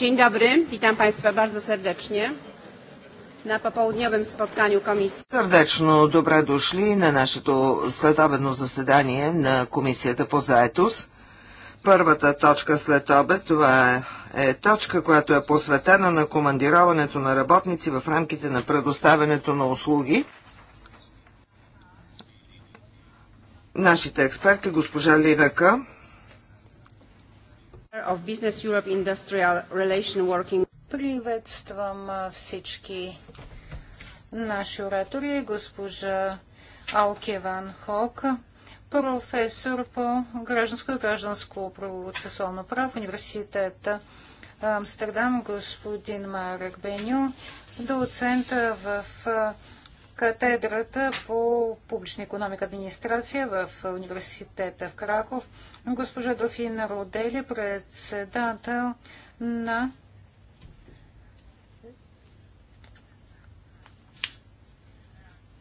Dzień dobry, witam Państwa bardzo serdecznie na popołudniowym spotkaniu komisji. Сърдечно добре дошли на нашето следобедно заседание на Комисията по заетост. Първата точка след обед, това е точка, която е посветена на командироването на работници в рамките на предоставянето на услуги. Нашите експерти, госпожа Лирака, Приветствам всички наши оратори, госпожа Алкеван Хок, професор по гражданско и гражданско процесуално право в университета Амстердам, господин Марек Беню, доцент в катедрата по публична економика администрация в университета в Краков, госпожа Дофина Родели, председател на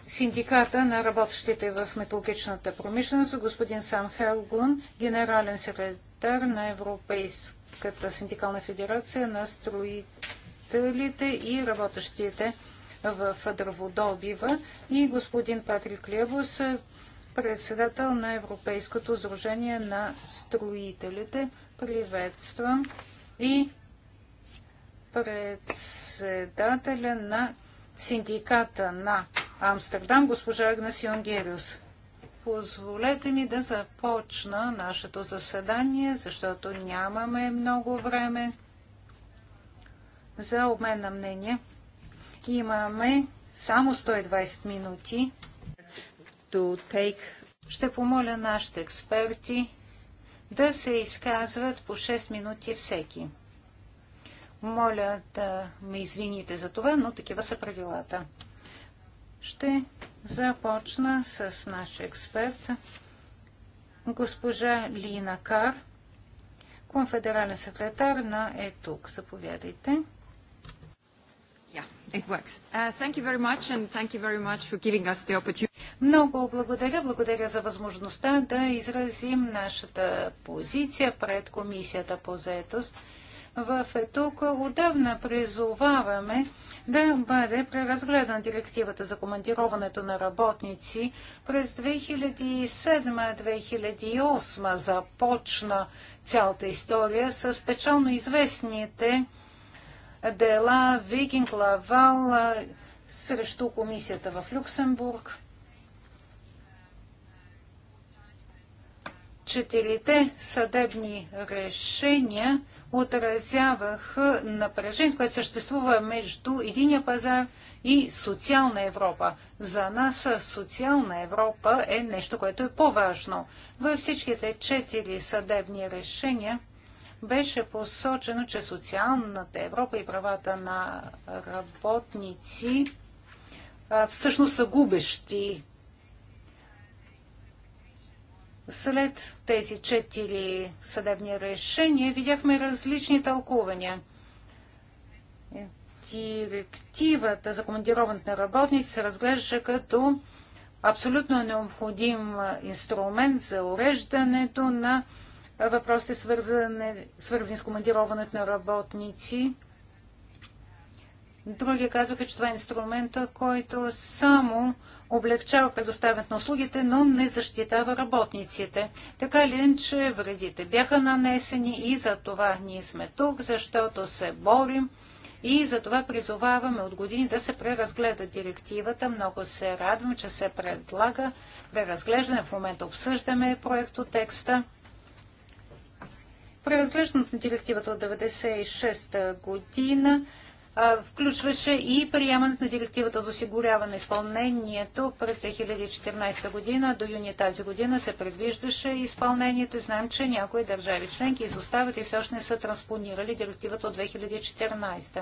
синдиката на работещите в металургичната промишленост, господин Сам Хелгун, генерален секретар на Европейската синдикална федерация на строителите и работещите в дърводобива и господин Патрик Левос, председател на Европейското сдружение на строителите. Приветствам и председателя на синдиката на Амстердам, госпожа Агнес Йонгериус. Позволете ми да започна нашето заседание, защото нямаме много време за обмен на мнение. Имаме само 120 минути. Ще помоля нашите експерти да се изказват по 6 минути всеки. Моля да ме извините за това, но такива са правилата. Ще започна с нашия експерт, госпожа Лина Кар, конфедерален секретар на ЕТУК. Заповядайте. It works. Uh, thank you very much and thank you very much for giving us the opportunity. Много благодаря. Благодаря за възможността да изразим нашата позиция пред Комисията по заетост. В ЕТОК отдавна призоваваме да бъде преразгледана директивата за командироването на работници. През 2007-2008 започна цялата история с печално известните дела Викинг Лавал срещу комисията в Люксембург. Четирите съдебни решения отразяваха напрежението, което съществува между единия пазар и социална Европа. За нас социална Европа е нещо, което е по-важно. Във всичките четири съдебни решения беше посочено, че социалната Европа и правата на работници всъщност са губещи. След тези четири съдебни решения видяхме различни тълкувания директивата за командироването на работници се разглежда като абсолютно необходим инструмент за уреждането на въпросите, свързани, свързани с командироването на работници. Други казваха, че това е инструмента, който само облегчава предоставянето на услугите, но не защитава работниците. Така ли е, че вредите бяха нанесени и за това ние сме тук, защото се борим и за това призоваваме от години да се преразгледа директивата. Много се радвам, че се предлага преразглеждане. В момента обсъждаме проекто текста. Преразглеждането на директивата от 1996 година включваше и приемането на директивата за осигуряване на изпълнението през 2014 година. До юни тази година се предвиждаше изпълнението и знаем, че някои държави членки изоставят и все още не са транспонирали директивата от 2014.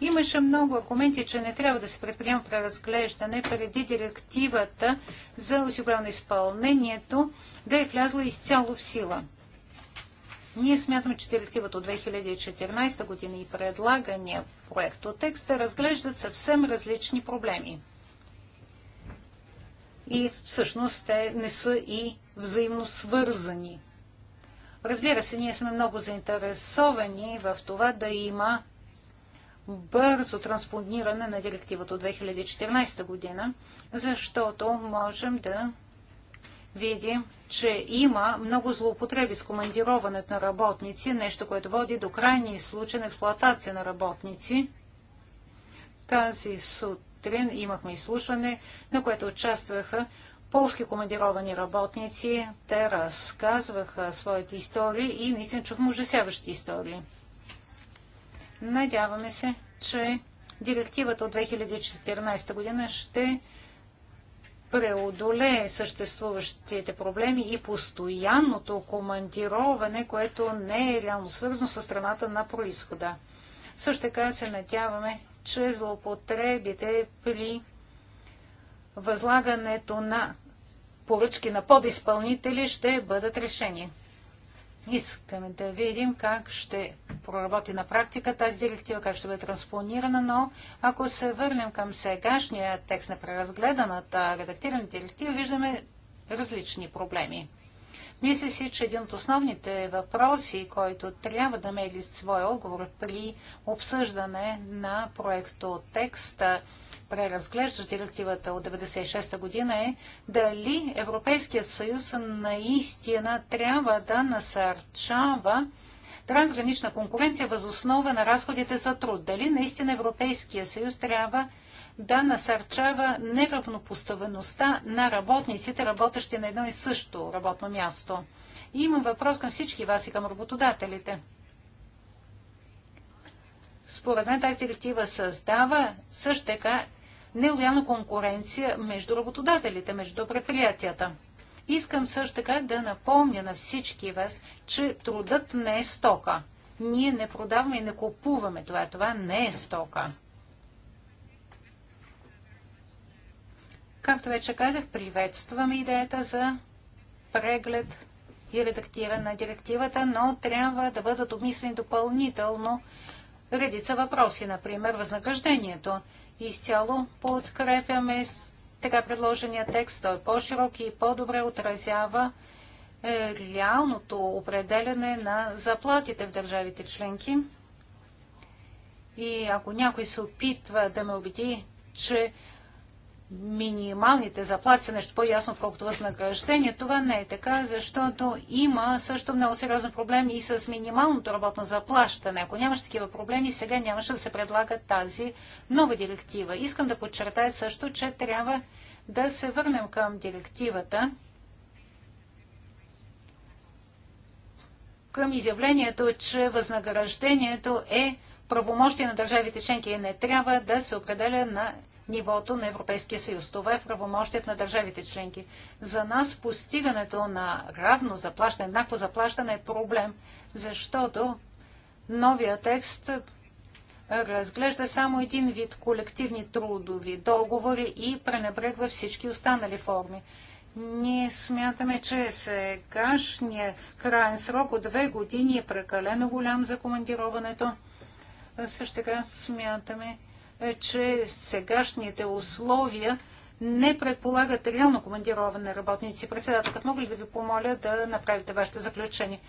Имаше много аргументи, че не трябва да се предприема преразглеждане преди директивата за осигуряване на изпълнението да е влязла изцяло в сила. Ние смятаме, че директивата от 2014 година и предлагания проект от текста разглеждат съвсем различни проблеми. И всъщност те не са и взаимно свързани. Разбира се, ние сме много заинтересовани в това да има бързо транспониране на директивата от 2014 година, защото можем да видим, че има много злоупотреби с командироването на работници, нещо, което води до крайни случаи на експлоатация на работници. Тази сутрин имахме изслушване, на което участваха полски командировани работници. Те разказваха своите истории и наистина чухме ужасяващи истории. Надяваме се, че директивата от 2014 година ще преодолее съществуващите проблеми и постоянното командироване, което не е реално свързано с страната на происхода. Също така се надяваме, че злоупотребите при възлагането на поръчки на подизпълнители ще бъдат решени. Искаме да видим как ще проработи на практика тази директива, как ще бъде транспонирана, но ако се върнем към сегашния текст на преразгледаната редактирана директива, виждаме различни проблеми. Мисля си, че един от основните въпроси, който трябва да мели своя отговор при обсъждане на проекто текста преразглежда директивата от 1996 година е дали Европейският съюз наистина трябва да насърчава трансгранична конкуренция възоснова на разходите за труд. Дали наистина Европейския съюз трябва да насърчава неравнопоставеността на работниците, работещи на едно и също работно място. И имам въпрос към всички вас и към работодателите. Според мен тази директива създава също така нелоялна конкуренция между работодателите, между предприятията. Искам също така да напомня на всички вас, че трудът не е стока. Ние не продаваме и не купуваме това. Това не е стока. Както вече казах, приветстваме идеята за преглед и редактиране на директивата, но трябва да бъдат обмислени допълнително редица въпроси, например възнаграждението изцяло подкрепяме така предложения текст. Той е по-широк и по-добре отразява е, реалното определене на заплатите в държавите членки. И ако някой се опитва да ме убеди, че минималните заплати са нещо по-ясно, отколкото възнаграждение. Това не е така, защото има също много сериозен проблем и с минималното работно заплащане. Ако нямаше такива проблеми, сега нямаше да се предлага тази нова директива. Искам да подчертая също, че трябва да се върнем към директивата, към изявлението, че възнаграждението е правомощие на държавите членки и не трябва да се определя на нивото на Европейския съюз. Това е правомощият на държавите членки. За нас постигането на равно заплащане, еднакво заплащане е проблем, защото новия текст разглежда само един вид колективни трудови договори и пренебрегва всички останали форми. Ние смятаме, че сегашният крайен срок от две години е прекалено голям за командироването. Също така смятаме, е, че сегашните условия не предполагат реално командироване на работници. Председателът, мога ли да ви помоля да направите вашето заключение?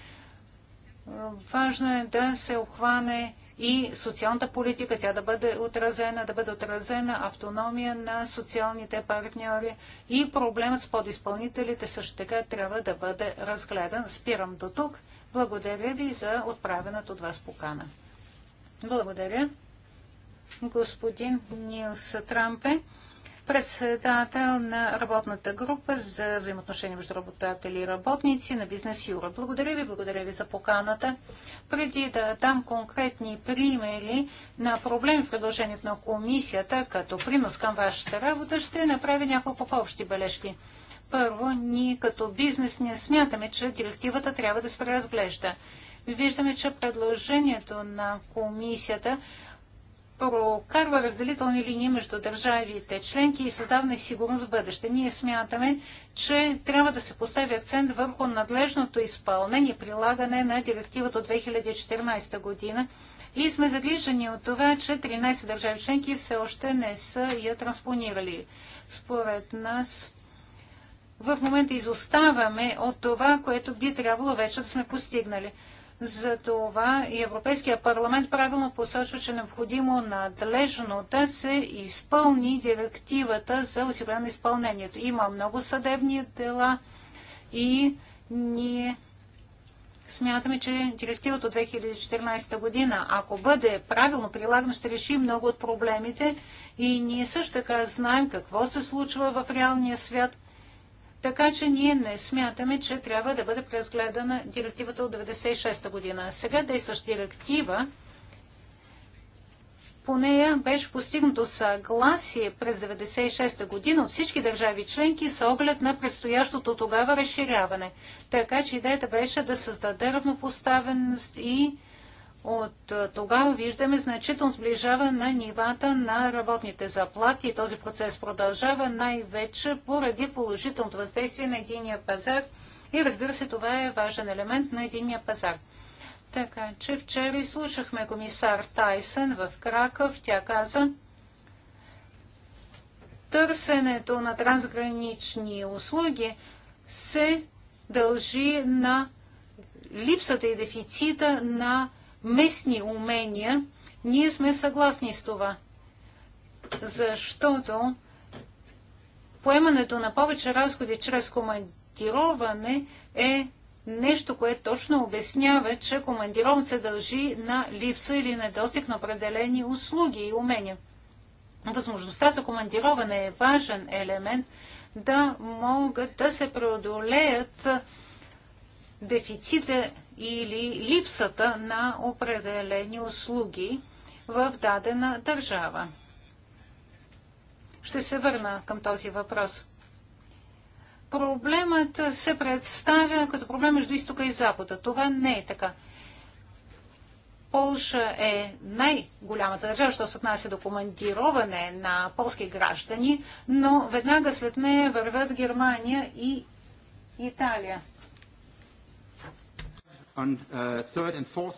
Важно е да се охване и социалната политика, тя да бъде отразена, да бъде отразена автономия на социалните партньори и проблемът с подизпълнителите също така трябва да бъде разгледан. Спирам до тук. Благодаря ви за отправената от вас покана. Благодаря господин Нилс Трампе, председател на работната група за взаимоотношения между работатели и работници на Бизнес Юра. Благодаря ви, благодаря ви за поканата. Преди да дам конкретни примери на проблем в предложението на комисията като принос към вашата работа, ще направя няколко по-общи бележки. Първо, ние като бизнес не смятаме, че директивата трябва да се преразглежда. Виждаме, че предложението на комисията прокарва разделителни линии между държавите членки и създава несигурност в бъдеще. Ние смятаме, че трябва да се постави акцент върху надлежното изпълнение и прилагане на директивата от 2014 година и сме загрижени от това, че 13 държави членки все още не са я транспонирали. Според нас в момента изоставаме от това, което би трябвало вече да сме постигнали. За това и Европейския парламент правилно посочва, че е необходимо надлежно да се изпълни директивата за осигуряване на изпълнението. Има много съдебни дела и ние смятаме, че директивата от 2014 година, ако бъде правилно прилагана, ще реши много от проблемите и ние също така знаем какво се случва в реалния свят – така че ние не смятаме, че трябва да бъде преразгледана директивата от 1996 година. Сега действаща директива по нея беше постигнато съгласие през 1996 година от всички държави членки с оглед на предстоящото тогава разширяване. Така че идеята беше да създаде равнопоставеност и от е, тогава виждаме значително сближаване на нивата на работните заплати и този процес продължава най-вече поради положителното въздействие на единия пазар и разбира се, това е важен елемент на единия пазар. Така че вчера изслушахме комисар Тайсън в Краков. Тя каза, търсенето на трансгранични услуги се дължи на липсата и дефицита на местни умения, ние сме съгласни с това. Защото поемането на повече разходи чрез командироване е нещо, което точно обяснява, че командировът се дължи на липса или недостиг на определени услуги и умения. Възможността за командироване е важен елемент да могат да се преодолеят дефиците или липсата на определени услуги в дадена държава. Ще се върна към този въпрос. Проблемът се представя като проблем между изтока и запада. Това не е така. Полша е най-голямата държава, що се отнася до командироване на полски граждани, но веднага след нея вървят Германия и Италия. Uh,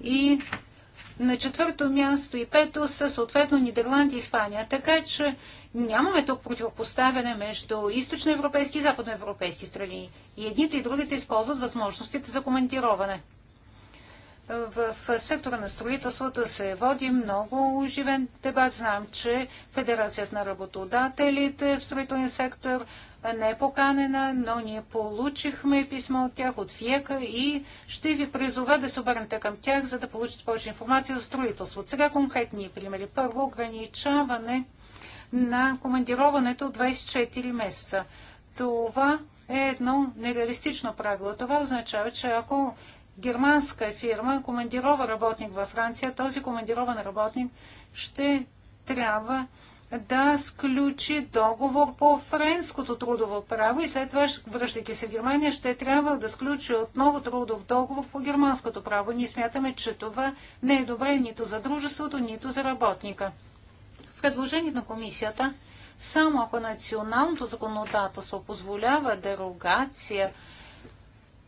и на четвърто място и пето са съответно Нидерландия и Испания. Така че нямаме тук противопоставяне между източноевропейски и западноевропейски страни. И едните и другите използват възможностите за командироване. В сектора на строителството се води много оживен дебат. Знам, че Федерацията на работодателите в строителния сектор не е поканена, но ние получихме писмо от тях, от ФИЕКа и ще ви призова да се обърнете към тях, за да получите повече информация за строителство. Сега конкретни примери. Първо, ограничаване на командироването от 24 месеца. Това е едно нереалистично правило. Това означава, че ако германска фирма командирова работник във Франция, този командирован работник ще трябва да сключи договор по френското трудово право и след това, връщайки се в Германия, ще трябва да сключи отново трудов договор по германското право. Ние смятаме, че това не е добре нито за дружеството, нито за работника. В предложението на комисията, само ако националното законодателство позволява дерогация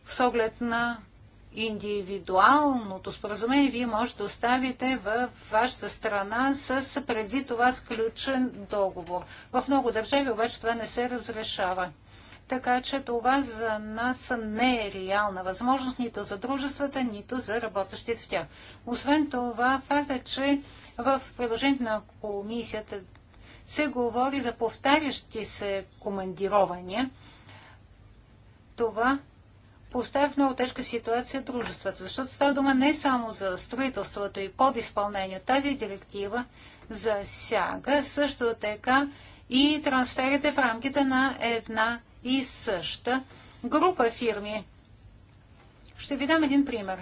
с оглед на индивидуалното споразумение вие може да оставите в вашата страна с преди това сключен договор. В много държави обаче това не се разрешава. Така че това за нас не е реална възможност нито за дружествата, нито за работещите в тях. Освен това, факта, е, че в предложението на комисията се говори за повтарящи се командирования, това поставя в много тежка ситуация дружествата, защото става дума не само за строителството и подизпълнение. Тази директива засяга също така и трансферите в рамките на една и съща група фирми. Ще ви дам един пример.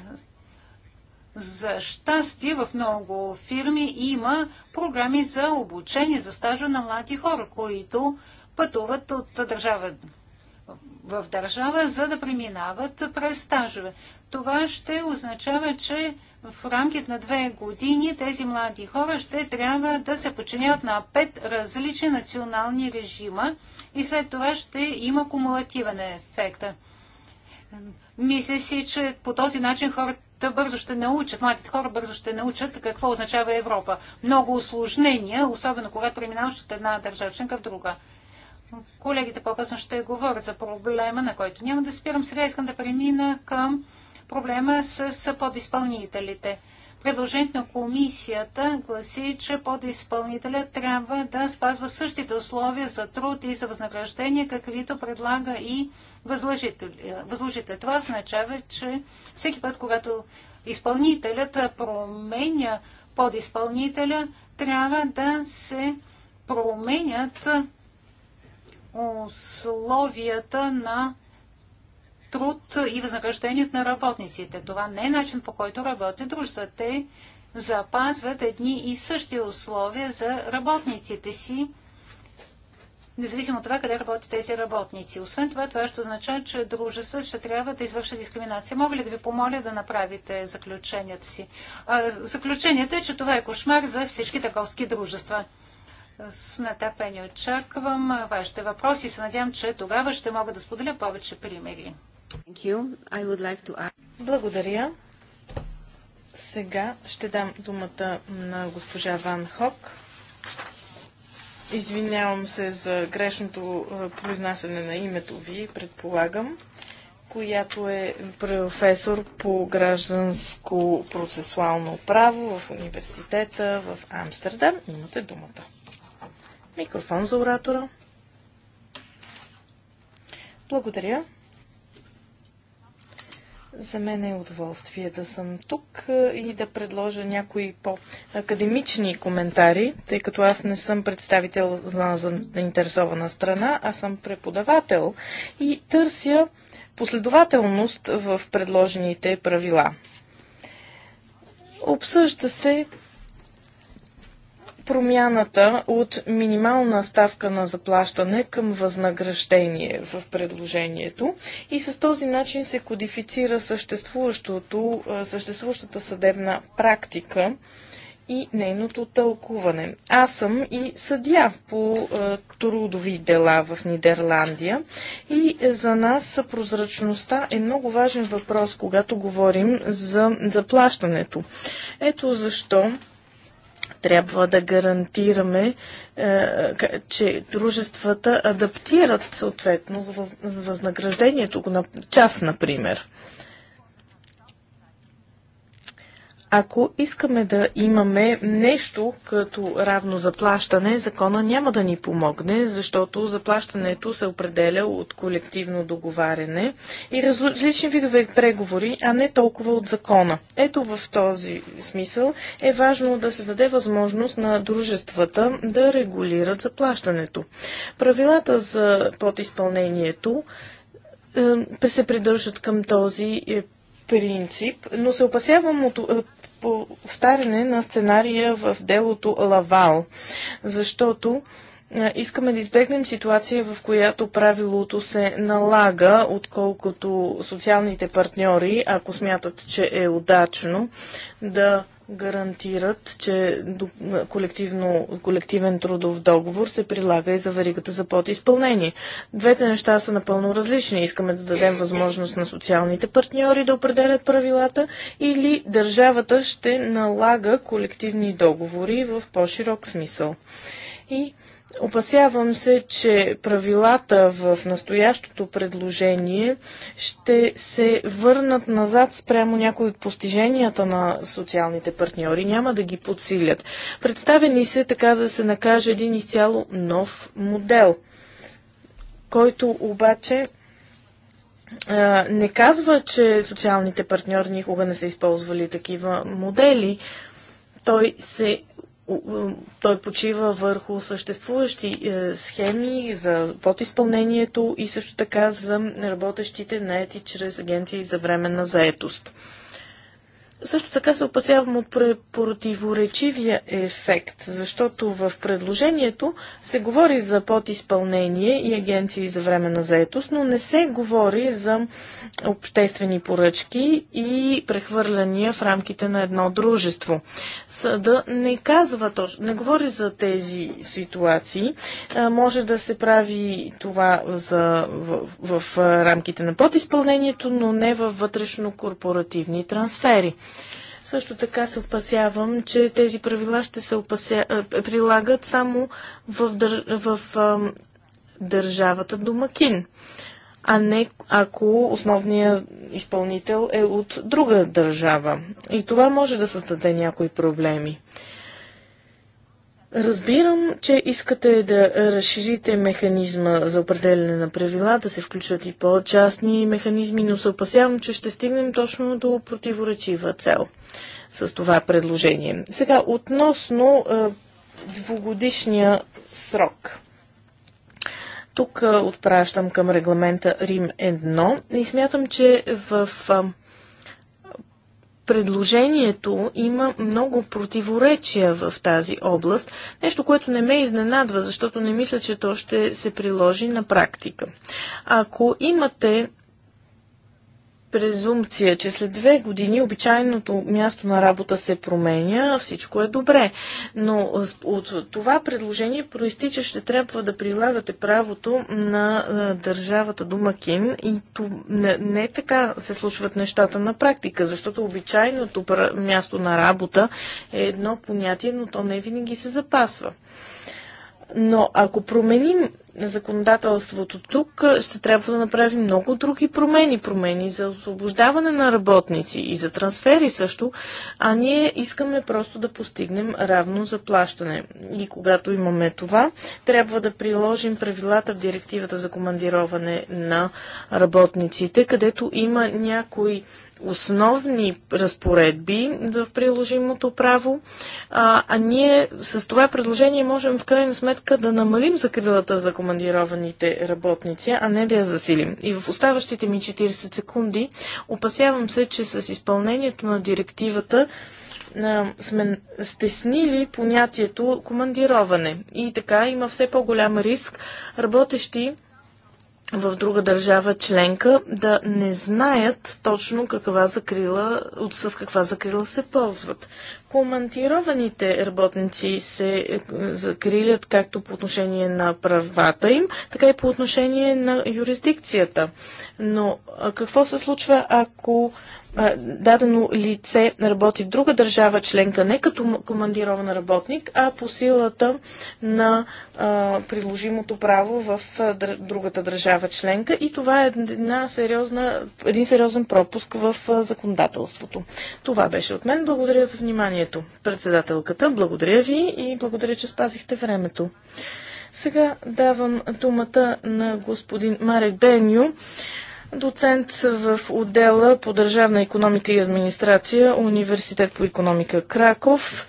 За щастие в много фирми има програми за обучение, за стажа на млади хора, които пътуват от държава в държава, за да преминават през стажове. Това ще означава, че в рамките на две години тези млади хора ще трябва да се подчиняват на пет различни национални режима и след това ще има кумулативен ефект. Мисля си, че по този начин хората бързо ще научат, младите хора бързо ще научат какво означава Европа. Много осложнения, особено когато преминаваш от една държава членка в друга. Колегите по-късно ще говорят за проблема, на който няма да спирам. Сега искам да премина към проблема с, подизпълнителите. Предложението на комисията гласи, че подизпълнителят трябва да спазва същите условия за труд и за възнаграждение, каквито предлага и възложител. Това означава, че всеки път, когато изпълнителят променя подизпълнителя, трябва да се променят условията на труд и възнаграждението на работниците. Това не е начин по който работят дружествата. Те запазват едни и същи условия за работниците си, независимо от това къде работят тези работници. Освен това, това ще означава, че дружества ще трябва да извършат дискриминация. Мога ли да ви помоля да направите заключенията си? А, заключението е, че това е кошмар за всички търговски дружества с натъпение очаквам вашите въпроси и се надявам, че тогава ще мога да споделя повече примери. Like to... Благодаря. Сега ще дам думата на госпожа Ван Хок. Извинявам се за грешното произнасяне на името ви, предполагам, която е професор по гражданско процесуално право в университета в Амстердам. Имате думата. Микрофон за оратора. Благодаря. За мен е удоволствие да съм тук и да предложа някои по-академични коментари, тъй като аз не съм представител за заинтересована страна, а съм преподавател и търся последователност в предложените правила. Обсъжда се промяната от минимална ставка на заплащане към възнаграждение в предложението и с този начин се кодифицира съществуващата съдебна практика и нейното тълкуване. Аз съм и съдя по трудови дела в Нидерландия и е, за нас прозрачността е много важен въпрос, когато говорим за заплащането. Ето защо трябва да гарантираме, е, че дружествата адаптират съответно възнаграждението на час, например. Ако искаме да имаме нещо като равно заплащане, закона няма да ни помогне, защото заплащането се определя от колективно договаряне и различни видове преговори, а не толкова от закона. Ето в този смисъл е важно да се даде възможност на дружествата да регулират заплащането. Правилата за подизпълнението е, се придържат към този е, принцип, но се опасявам от е, повтаряне на сценария в делото Лавал, защото искаме да избегнем ситуация, в която правилото се налага, отколкото социалните партньори, ако смятат, че е удачно, да гарантират, че колективен трудов договор се прилага и за веригата за подизпълнение. Двете неща са напълно различни. Искаме да дадем възможност на социалните партньори да определят правилата или държавата ще налага колективни договори в по-широк смисъл. И Опасявам се, че правилата в настоящото предложение ще се върнат назад спрямо някои от постиженията на социалните партньори, няма да ги подсилят. Представени се така да се накаже един изцяло нов модел, който обаче не казва, че социалните партньори никога не са използвали такива модели. Той се той почива върху съществуващи е, схеми за подизпълнението и също така за работещите наети чрез агенции за временна заетост. Също така се опасявам от противоречивия ефект, защото в предложението се говори за подизпълнение и агенции за време на заетост, но не се говори за обществени поръчки и прехвърляния в рамките на едно дружество. Съда не казва точно, не говори за тези ситуации. може да се прави това за, в, в, в рамките на подизпълнението, но не във вътрешно корпоративни трансфери. Също така се опасявам, че тези правила ще се опася... прилагат само в, дър... в а, държавата домакин, а не ако основният изпълнител е от друга държава. И това може да създаде някои проблеми. Разбирам, че искате да разширите механизма за определене на правила, да се включват и по-частни механизми, но се опасявам, че ще стигнем точно до противоречива цел с това предложение. Сега, относно е, двугодишния срок. Тук е, отпращам към регламента Рим 1 и смятам, че в е, предложението има много противоречия в тази област, нещо, което не ме изненадва, защото не мисля, че то ще се приложи на практика. Ако имате презумпция, че след две години обичайното място на работа се променя, всичко е добре. Но от това предложение проистича ще трябва да прилагате правото на държавата Домакин и не така се случват нещата на практика, защото обичайното място на работа е едно понятие, но то не винаги се запасва. Но ако променим законодателството тук, ще трябва да направим много други промени. Промени за освобождаване на работници и за трансфери също, а ние искаме просто да постигнем равно заплащане. И когато имаме това, трябва да приложим правилата в директивата за командироване на работниците, където има някои основни разпоредби в приложимото право, а, а ние с това предложение можем в крайна сметка да намалим закрилата за командированите работници, а не да я засилим. И в оставащите ми 40 секунди опасявам се, че с изпълнението на директивата сме стеснили понятието командироване. И така има все по-голям риск работещи в друга държава членка да не знаят точно каква закрила, с каква закрила се ползват. Комантированите работници се е, закрилят както по отношение на правата им, така и по отношение на юрисдикцията. Но какво се случва, ако дадено лице работи в друга държава членка, не като командирован работник, а по силата на приложимото право в другата държава членка. И това е една сериозна, един сериозен пропуск в законодателството. Това беше от мен. Благодаря за вниманието. Председателката, благодаря ви и благодаря, че спазихте времето. Сега давам думата на господин Марек Беню доцент в отдела по държавна економика и администрация, Университет по економика Краков,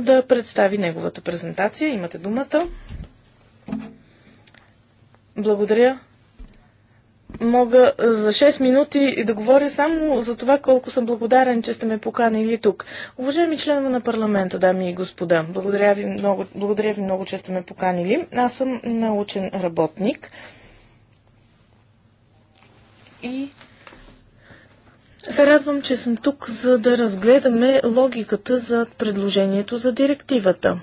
да представи неговата презентация. Имате думата. Благодаря. Мога за 6 минути да говоря само за това колко съм благодарен, че сте ме поканили тук. Уважаеми членове на парламента, дами и господа, благодаря ви много, благодаря ви много че сте ме поканили. Аз съм научен работник и се радвам, че съм тук, за да разгледаме логиката за предложението за директивата.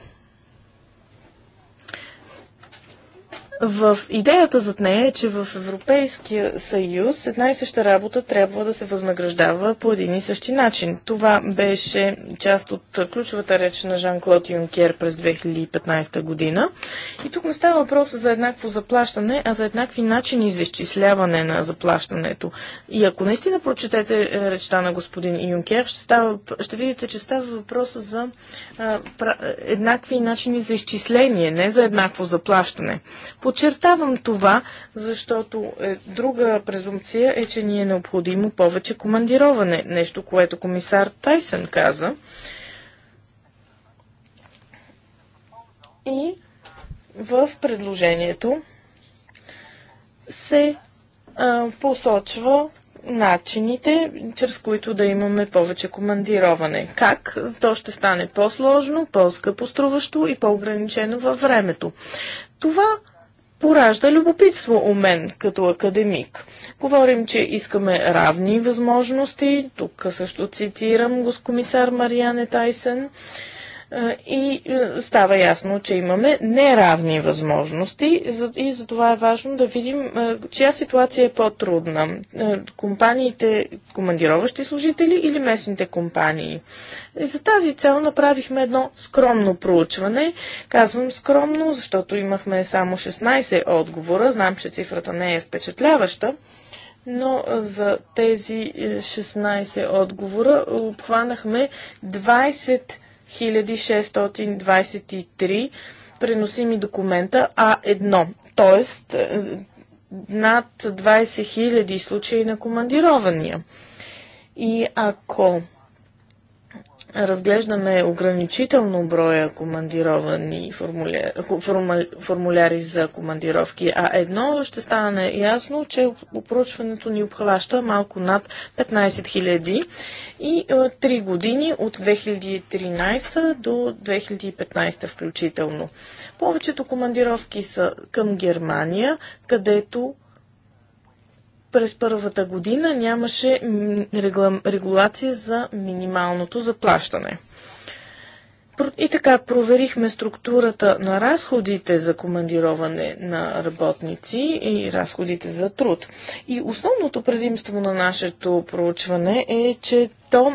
В идеята зад нея е, че в Европейския съюз една и съща работа трябва да се възнаграждава по един и същи начин. Това беше част от ключовата реч на Жан-Клод Юнкер през 2015 година. И тук не става въпрос за еднакво заплащане, а за еднакви начини за изчисляване на заплащането. И ако наистина прочетете е, речта на господин Юнкер, ще, става, ще видите, че става въпрос за а, пра, еднакви начини за изчисление, не за еднакво заплащане. Подчертавам това, защото е, друга презумпция е, че ни е необходимо повече командироване, нещо, което комисар Тайсън каза. И в предложението се а, посочва начините, чрез които да имаме повече командироване. Как? То ще стане по-сложно, по-скъпоструващо и по-ограничено във времето. Това поражда любопитство у мен като академик. Говорим, че искаме равни възможности. Тук също цитирам госкомисар Мариане Тайсен. Тайсен и е, става ясно, че имаме неравни възможности и за това е важно да видим е, чия ситуация е по-трудна. Е, компаниите, командироващи служители или местните компании. И за тази цел направихме едно скромно проучване. Казвам скромно, защото имахме само 16 отговора. Знам, че цифрата не е впечатляваща но за тези 16 отговора обхванахме 20 1623 преносими документа А1, т.е. над 20 000 случаи на командирования. И ако разглеждаме ограничително броя командировани формуляри, формуляри за командировки, а едно ще стане ясно, че опоручването ни обхваща малко над 15 000 и 3 е, години от 2013 до 2015 включително. Повечето командировки са към Германия, където през първата година нямаше регулация за минималното заплащане. И така проверихме структурата на разходите за командироване на работници и разходите за труд. И основното предимство на нашето проучване е, че то,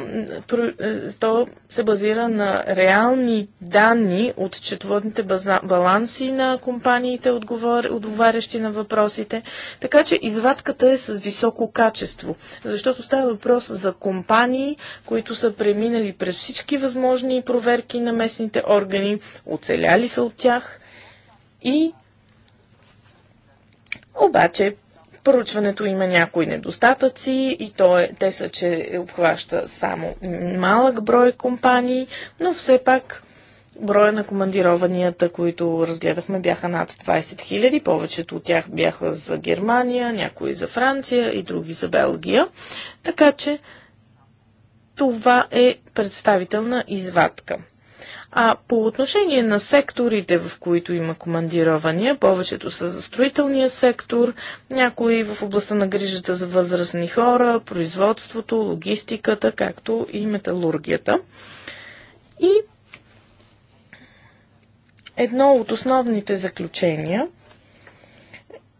е, то се базира на реални данни от четводните баланси на компаниите, отговарящи на въпросите. Така че извадката е с високо качество, защото става въпрос за компании, които са преминали през всички възможни проверки на местните органи, оцеляли са от тях и обаче Поручването има някои недостатъци и то е, те са, че е, обхваща само малък брой компании, но все пак броя на командированията, които разгледахме, бяха над 20 000. Повечето от тях бяха за Германия, някои за Франция и други за Белгия. Така че това е представителна извадка. А по отношение на секторите, в които има командирования, повечето са за строителния сектор, някои в областта на грижата за възрастни хора, производството, логистиката, както и металургията. И едно от основните заключения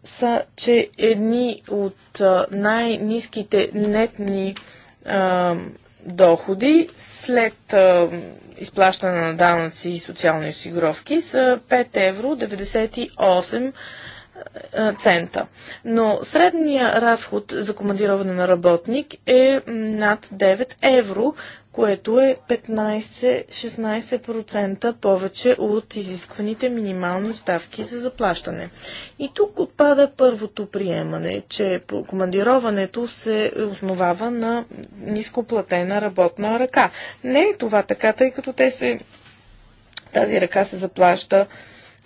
са, че едни от най-низките нетни а, доходи след а, изплащане на данъци и социални осигуровки са 5 евро 98 е, цента. Но средният разход за командироване на работник е над 9 евро, което е 15-16% повече от изискваните минимални ставки за заплащане. И тук отпада първото приемане, че командироването се основава на нископлатена работна ръка. Не е това така, тъй като те се, тази ръка се заплаща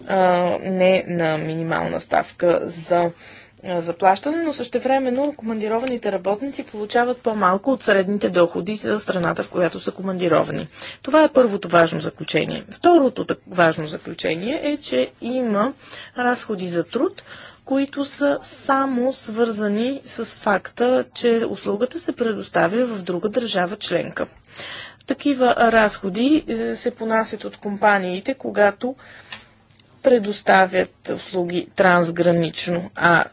а, не на минимална ставка за е, заплащане, но същевременно командированите работници получават по-малко от средните доходи за страната, в която са командировани. Това е първото важно заключение. Второто важно заключение е, че има разходи за труд, които са само свързани с факта, че услугата се предоставя в друга държава членка. Такива разходи е, се понасят от компаниите, когато предоставят услуги трансгранично, а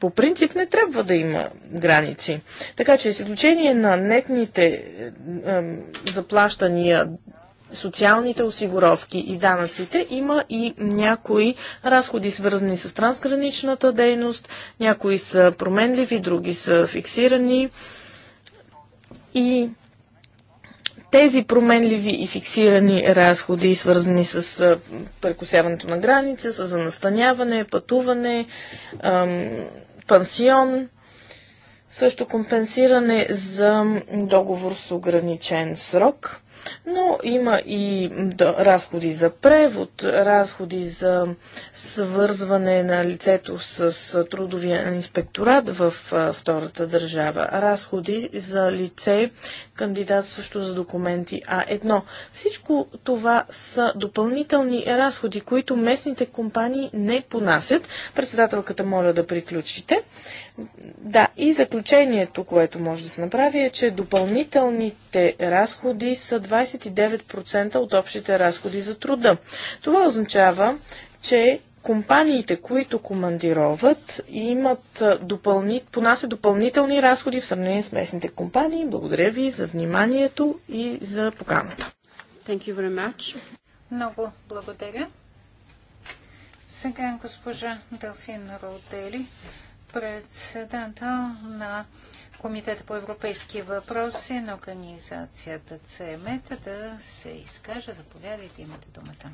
по принцип не трябва да има граници. Така че, с изключение на нетните е, заплащания, социалните осигуровки и данъците, има и някои разходи, свързани с трансграничната дейност, някои са променливи, други са фиксирани. И тези променливи и фиксирани разходи, свързани с прекусяването на граница, с настаняване, пътуване, пансион, също компенсиране за договор с ограничен срок – но има и разходи за превод, разходи за свързване на лицето с трудовия инспекторат в втората държава, разходи за лице, кандидатстващо за документи А1. Всичко това са допълнителни разходи, които местните компании не понасят. Председателката моля да приключите. Да, и заключението, което може да се направи е, че допълнителните разходи са 29% от общите разходи за труда. Това означава, че компаниите, които командироват, имат допълни... понасят допълнителни разходи в сравнение с местните компании. Благодаря ви за вниманието и за поканата. Thank you very much. Много благодаря. Сега госпожа Делфин Родели, председател на Комитета по европейски въпроси на организацията ЦМЕТ да се изкаже. Заповядайте, имате думата.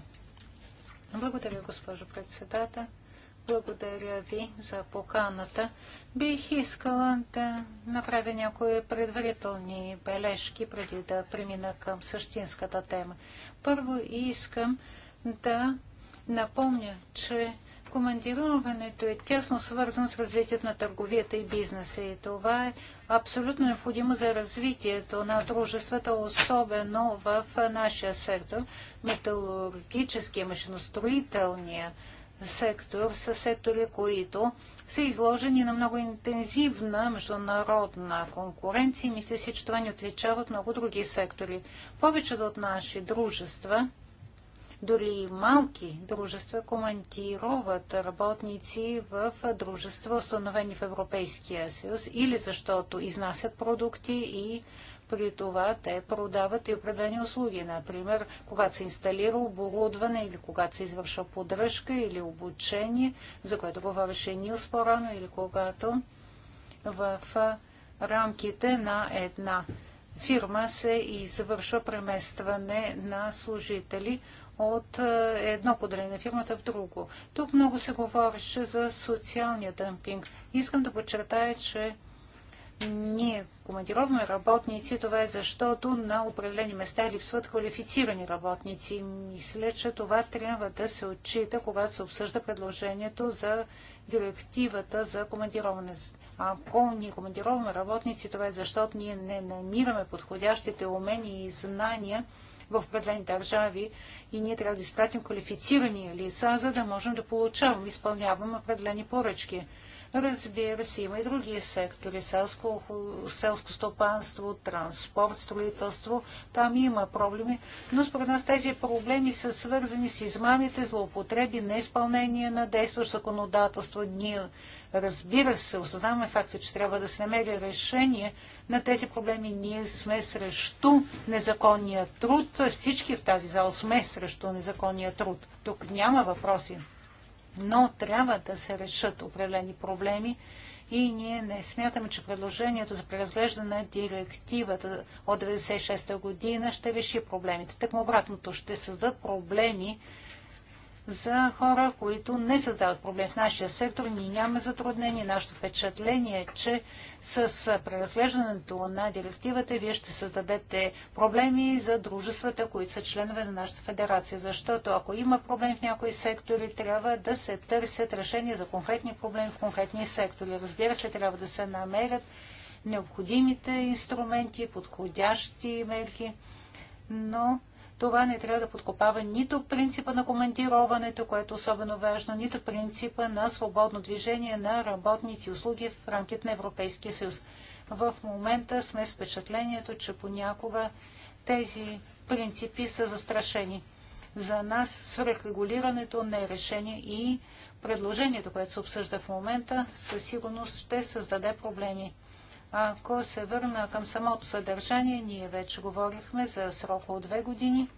Благодаря, госпожо председател. Благодаря ви за поканата. Бих искала да направя някои предварителни бележки, преди да премина към същинската тема. Първо искам да напомня, че Командироването е тясно свързано с развитието на търговията и бизнеса и това е абсолютно необходимо за развитието на дружествата, особено в нашия сектор, металургическия, машиностроителния сектор са сектори, които са изложени на много интензивна международна конкуренция и мисля си, че това ни отличава от много други сектори. Повечето от наши дружества дори малки дружества командироват работници в дружества, установени в Европейския съюз, или защото изнасят продукти и при това те продават и определени услуги. Например, когато се инсталира оборудване или когато се извършва поддръжка или обучение, за което говореше Нилс по-рано, или когато в рамките на една фирма се извършва преместване на служители от е, едно поделение на фирмата в друго. Тук много се говореше за социалния дъмпинг. Искам да подчертая, че ние командироваме работници, това е защото на определени места липсват квалифицирани работници. Мисля, че това трябва да се отчита, когато се обсъжда предложението за директивата за командироване. Ако ние командироваме работници, това е защото ние не намираме подходящите умения и знания, в определени държави и ние трябва да изпратим квалифицирани лица, за да можем да получаваме, изпълняваме определени поръчки. Разбира се, има и други сектори, селско, селско стопанство, транспорт, строителство. Там има проблеми, но според нас тези проблеми са свързани с измамите, злоупотреби, неизпълнение на действащо законодателство. Ние Разбира се, осъзнаваме факта, че трябва да се намери решение на тези проблеми. Ние сме срещу незаконния труд. Всички в тази зал сме срещу незаконния труд. Тук няма въпроси. Но трябва да се решат определени проблеми и ние не смятаме, че предложението за преразглеждане на директивата от 96-та година ще реши проблемите. Тъкмо обратното ще създадат проблеми, за хора, които не създават проблем в нашия сектор. Ние нямаме затруднение. Нашето впечатление е, че с преразглеждането на директивата вие ще създадете проблеми за дружествата, които са членове на нашата федерация. Защото ако има проблем в някои сектори, трябва да се търсят решения за конкретни проблеми в конкретни сектори. Разбира се, трябва да се намерят необходимите инструменти, подходящи мерки, но това не трябва да подкопава нито принципа на командироването, което е особено важно, нито принципа на свободно движение на работници и услуги в рамките на Европейския съюз. В момента сме с впечатлението, че понякога тези принципи са застрашени. За нас свръхрегулирането не е решение и предложението, което се обсъжда в момента, със сигурност ще създаде проблеми. Ако се върна към самото съдържание, ние вече говорихме за срока от две години.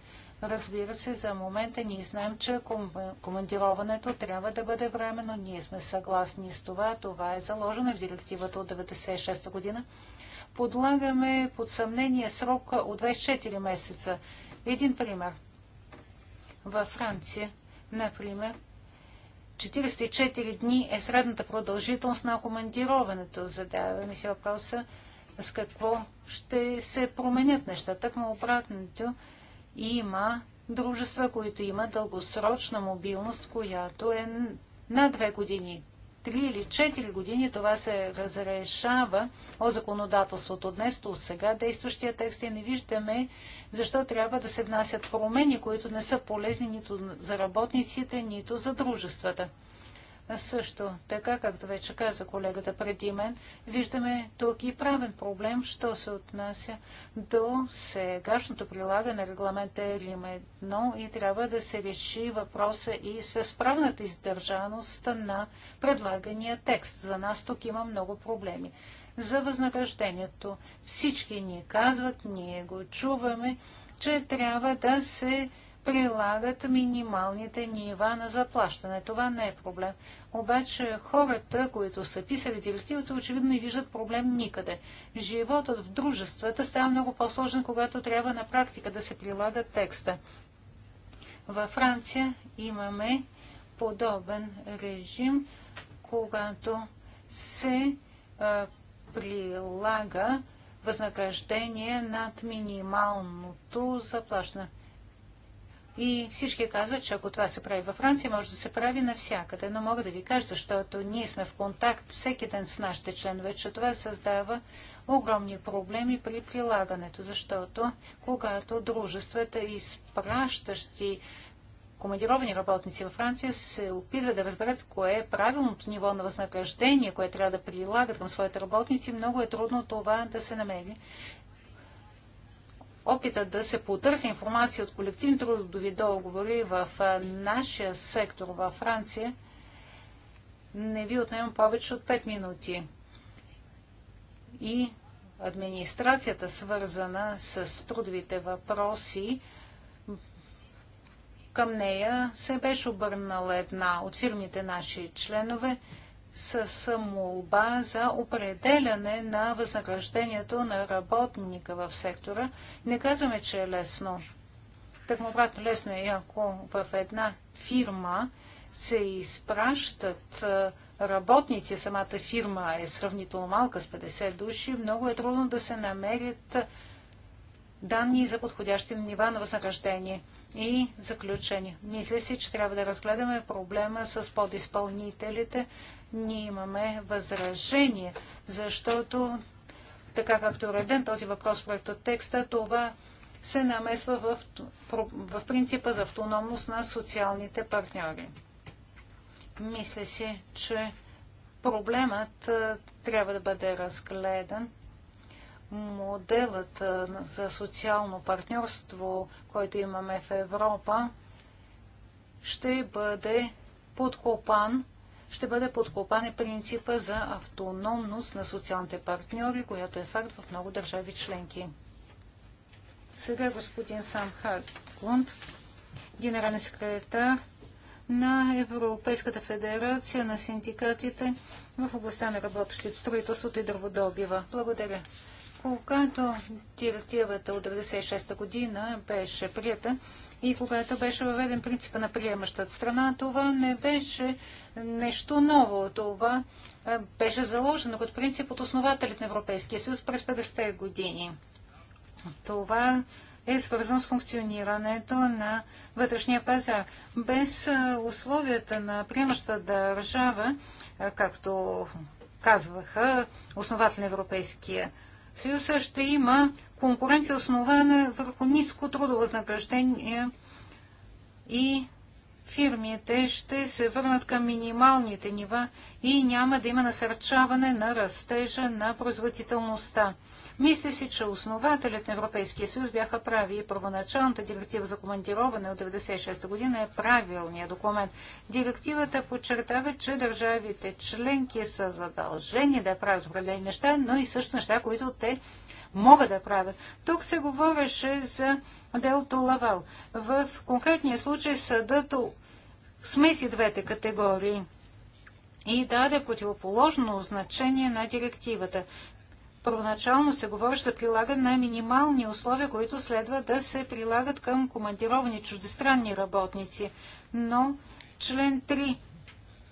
Разбира се, за момента ние знаем, че командироването трябва да бъде временно. Ние сме съгласни с това. Това е заложено в директивата от 1996 година. Подлагаме под съмнение срока от 24 месеца. Един пример. Във Франция, например, 44 дни е средната продължителност на командироването. Задаваме си въпроса с какво ще се променят нещата. Към обратното има дружества, които имат дългосрочна мобилност, която е на две години. Три или четири години това се разрешава от законодателството днес, от сега действащия текст и не виждаме защо трябва да се внасят промени, които не са полезни нито за работниците, нито за дружествата. Също, така както вече каза колегата преди мен, виждаме тук и правен проблем, що се отнася до сегашното прилагане на регламента Рим 1 и трябва да се реши въпроса и с правната издържаност на предлагания текст. За нас тук има много проблеми за възнаграждението. Всички ни казват, ние го чуваме, че трябва да се прилагат минималните нива на заплащане. Това не е проблем. Обаче хората, които са писали директивата, очевидно не виждат проблем никъде. Животът в дружествата става много по-сложен, когато трябва на практика да се прилага текста. Във Франция имаме подобен режим, когато се прилага възнаграждение над минималното заплащане. И всички казват, че ако това се прави във Франция, може да се прави навсякъде. Но мога да ви кажа, защото ние сме в контакт всеки ден с нашите членове, че това създава огромни проблеми при прилагането. Защото когато дружествата, изпращащи командировани работници във Франция се опитват да разберат кое е правилното ниво на възнаграждение, което трябва да прилагат към своите работници. Много е трудно това да се намери. Опитът да се потърси информация от колективни трудови договори в нашия сектор във Франция не ви отнема повече от 5 минути. И администрацията, свързана с трудовите въпроси, към нея се беше обърнала една от фирмите наши членове с молба за определяне на възнаграждението на работника в сектора. Не казваме, че е лесно. Так му обратно лесно е, ако в една фирма се изпращат работници, самата фирма е сравнително малка с 50 души, много е трудно да се намерят данни за подходящи нива на възнаграждение. И заключение. Мисля си, че трябва да разгледаме проблема с подизпълнителите. Ние имаме възражение, защото така както е уреден този въпрос проект от текста, това се намесва в, в принципа за автономност на социалните партньори. Мисля си, че проблемът трябва да бъде разгледан моделът за социално партньорство, който имаме в Европа, ще бъде подкопан ще бъде подкопан и принципа за автономност на социалните партньори, която е факт в много държави членки. Сега господин Сам Хаглунд, генерален секретар на Европейската федерация на синдикатите в областта на работещите строителството и дърводобива. Благодаря. Когато директивата от 1996 година беше прията и когато беше въведен принципа на приемащата страна, това не беше нещо ново. Това беше заложено като принцип от основателите на Европейския съюз през 50-те години. Това е свързано с функционирането на вътрешния пазар. Без условията на приемаща държава, както казваха основател на Европейския Съюза ще има конкуренция основана върху ниско трудово възнаграждение и фирмите ще се върнат към минималните нива и няма да има насърчаване на растежа на производителността. Мисля си, че основателят на Европейския съюз бяха прави и първоначалната директива за командироване от 1996 година е правилният документ. Директивата подчертава, че държавите членки са задължени да правят определени неща, но и също неща, които те могат да правят. Тук се говореше за делото Лавал. В конкретния случай съдът смеси двете категории и даде противоположно значение на директивата. Първоначално се говори за прилагане на минимални условия, които следва да се прилагат към командировани чуждестранни работници. Но член 3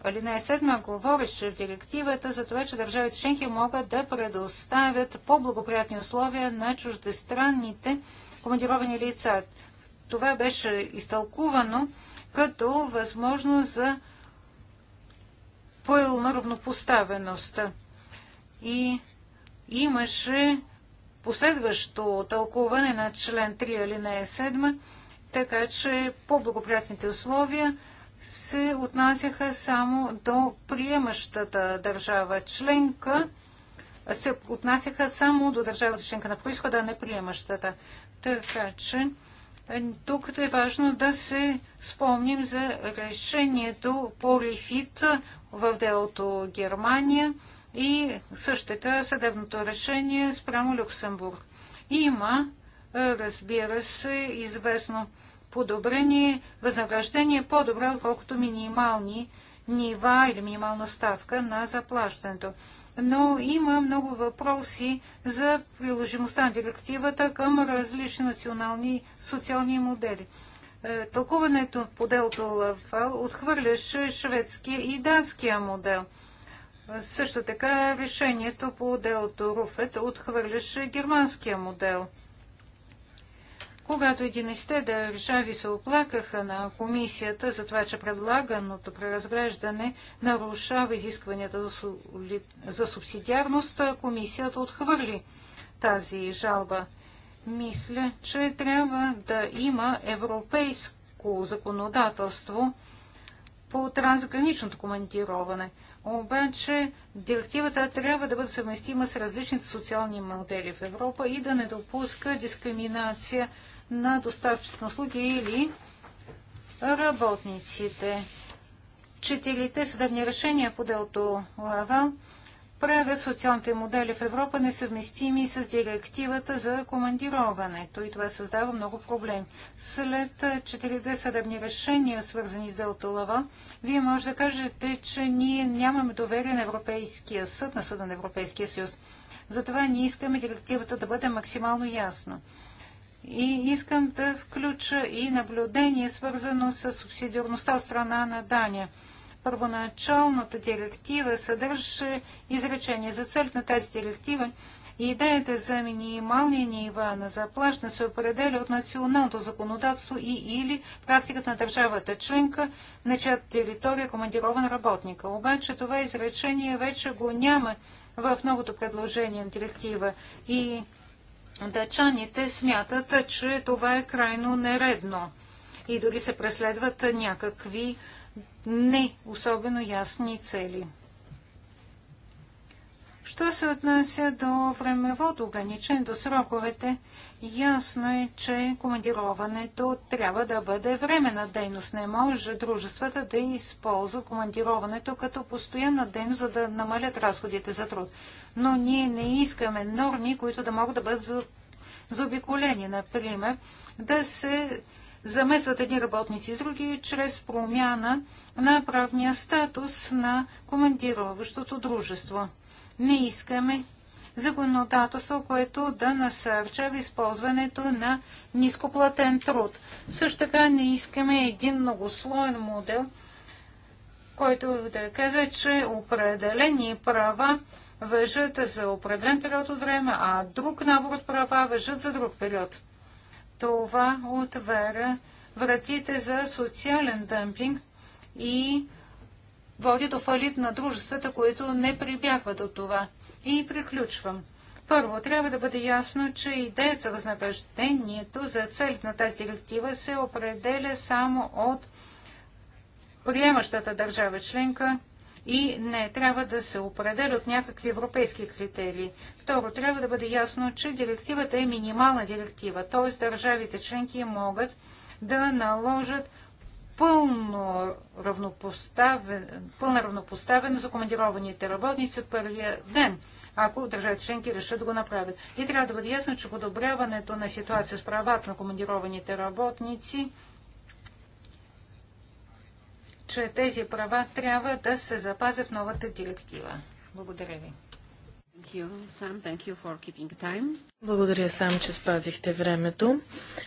Алинея 7 говореше в директивата за това, че държавите членки могат да предоставят по-благоприятни условия на чуждестранните командировани лица. Това беше изтълкувано като възможност за пълна равнопоставеност. И имаше последващо тълкуване на член 3 алинея 7, така че по-благоприятните условия – се отнасяха само до приемащата държава членка, се отнасяха само до държавата членка на происхода, а не приемащата. Така че е, тук е важно да се спомним за решението по Рифит в делото Германия и също така съдебното решение спрямо Люксембург. Има, е, разбира се, известно подобрени възнаграждения по-добре, отколкото минимални нива или минимална ставка на заплащането. Но има много въпроси за приложимостта на директивата към различни национални социални модели. Е, тълкуването по делото Лавал отхвърляше шведския и датския модел. Също така решението по делото Руфет отхвърляше германския модел. Когато 11-те държави се оплакаха на комисията за това, че предлаганото преразглеждане нарушава изискванията за субсидиарност, комисията отхвърли тази жалба. Мисля, че трябва да има европейско законодателство по трансграничното командироване. Обаче директивата трябва да бъде съвместима с различните социални модели в Европа и да не допуска дискриминация на доставчици на услуги или работниците. Четирите съдебни решения по делото Лавал правят социалните модели в Европа несъвместими с директивата за командироването и това създава много проблеми. След 40 съдебни решения, свързани с делото Лава, вие може да кажете, че ние нямаме доверие на Европейския съд, на Съда на Европейския съюз. Затова ние искаме директивата да бъде максимално ясно. И искам да включа и наблюдение, свързано с субсидиорността от страна на Дания. Първоначалната директива съдържа изречение за целта на тази директива Идеята за минималния нива на заплащане се определя от националното законодателство и или практиката на държавата членка, на чиято територия е командирован работника. Обаче това изречение вече го няма в новото предложение на директива и Дачаните смятат, че това е крайно нередно и дори се преследват някакви не особено ясни цели. Що се отнася до времевото ограничен до сроковете, ясно е, че командироването трябва да бъде временна дейност. Не може дружествата да използват командироването като постоянна дейност, за да намалят разходите за труд но ние не искаме норми, които да могат да бъдат заобиколени. Например, да се замесват едни работници с други чрез промяна на правния статус на командироващото дружество. Не искаме законодателство, което да в използването на нископлатен труд. Също така не искаме един многослоен модел, който да каже, че определени права въжат за определен период от време, а друг набор от права въжат за друг период. Това отваря вратите за социален дъмпинг и води до фалит на дружествата, които не прибягват от това. И приключвам. Първо, трябва да бъде ясно, че идеята за възнаграждението за цели на тази директива се определя само от приемащата държава членка и не трябва да се определя от някакви европейски критерии. Второ, трябва да бъде ясно, че директивата е минимална директива, т.е. държавите членки могат да наложат пълно равнопоставен, пълна равнопоставена за командированите работници от първия ден ако държавите членки решат да го направят. И трябва да бъде ясно, че подобряването на ситуация с правата на командированите работници че тези права трябва да се запазят в новата директива. Благодаря ви. Благодаря сам, че спазихте времето.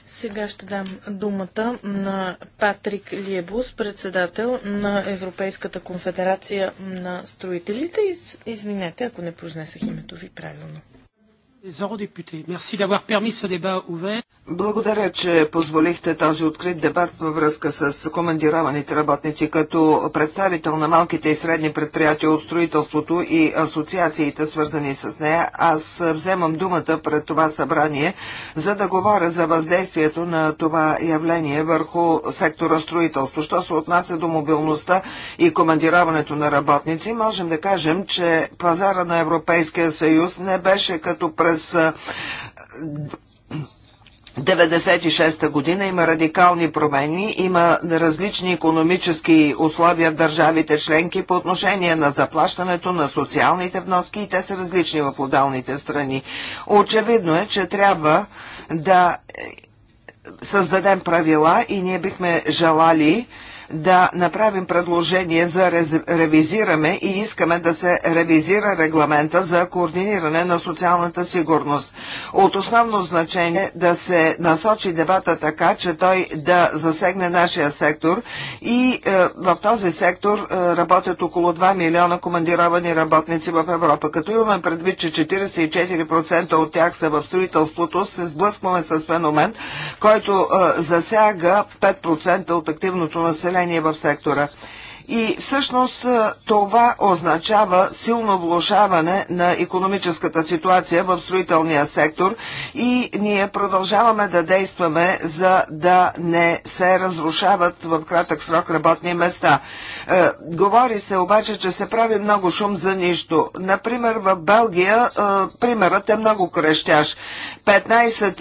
Сега ще дам думата на Патрик Лиебус, председател на Европейската конфедерация на строителите. извинете, ако не произнесах името ви правилно. Благодаря, че позволихте този открит дебат във връзка с командированите работници. Като представител на малките и средни предприятия от строителството и асоциациите, свързани с нея, аз вземам думата пред това събрание, за да говоря за въздействието на това явление върху сектора строителство. Що се отнася до мобилността и командироването на работници, можем да кажем, че пазара на Европейския съюз не беше като през 1996 година има радикални промени, има различни економически условия в държавите членки по отношение на заплащането на социалните вноски и те са различни в отдалните страни. Очевидно е, че трябва да е, създадем правила и ние бихме желали да направим предложение за ревизираме и искаме да се ревизира регламента за координиране на социалната сигурност. От основно значение е да се насочи дебата така, че той да засегне нашия сектор и е, в този сектор е, работят около 2 милиона командировани работници в Европа. Като имаме предвид, че 44% от тях са в строителството, се сблъскваме с феномен, който е, засяга 5% от активното население население в сектора. И всъщност това означава силно влушаване на економическата ситуация в строителния сектор и ние продължаваме да действаме за да не се разрушават в кратък срок работни места. Е, говори се обаче, че се прави много шум за нищо. Например, в Белгия е, примерът е много крещящ. 15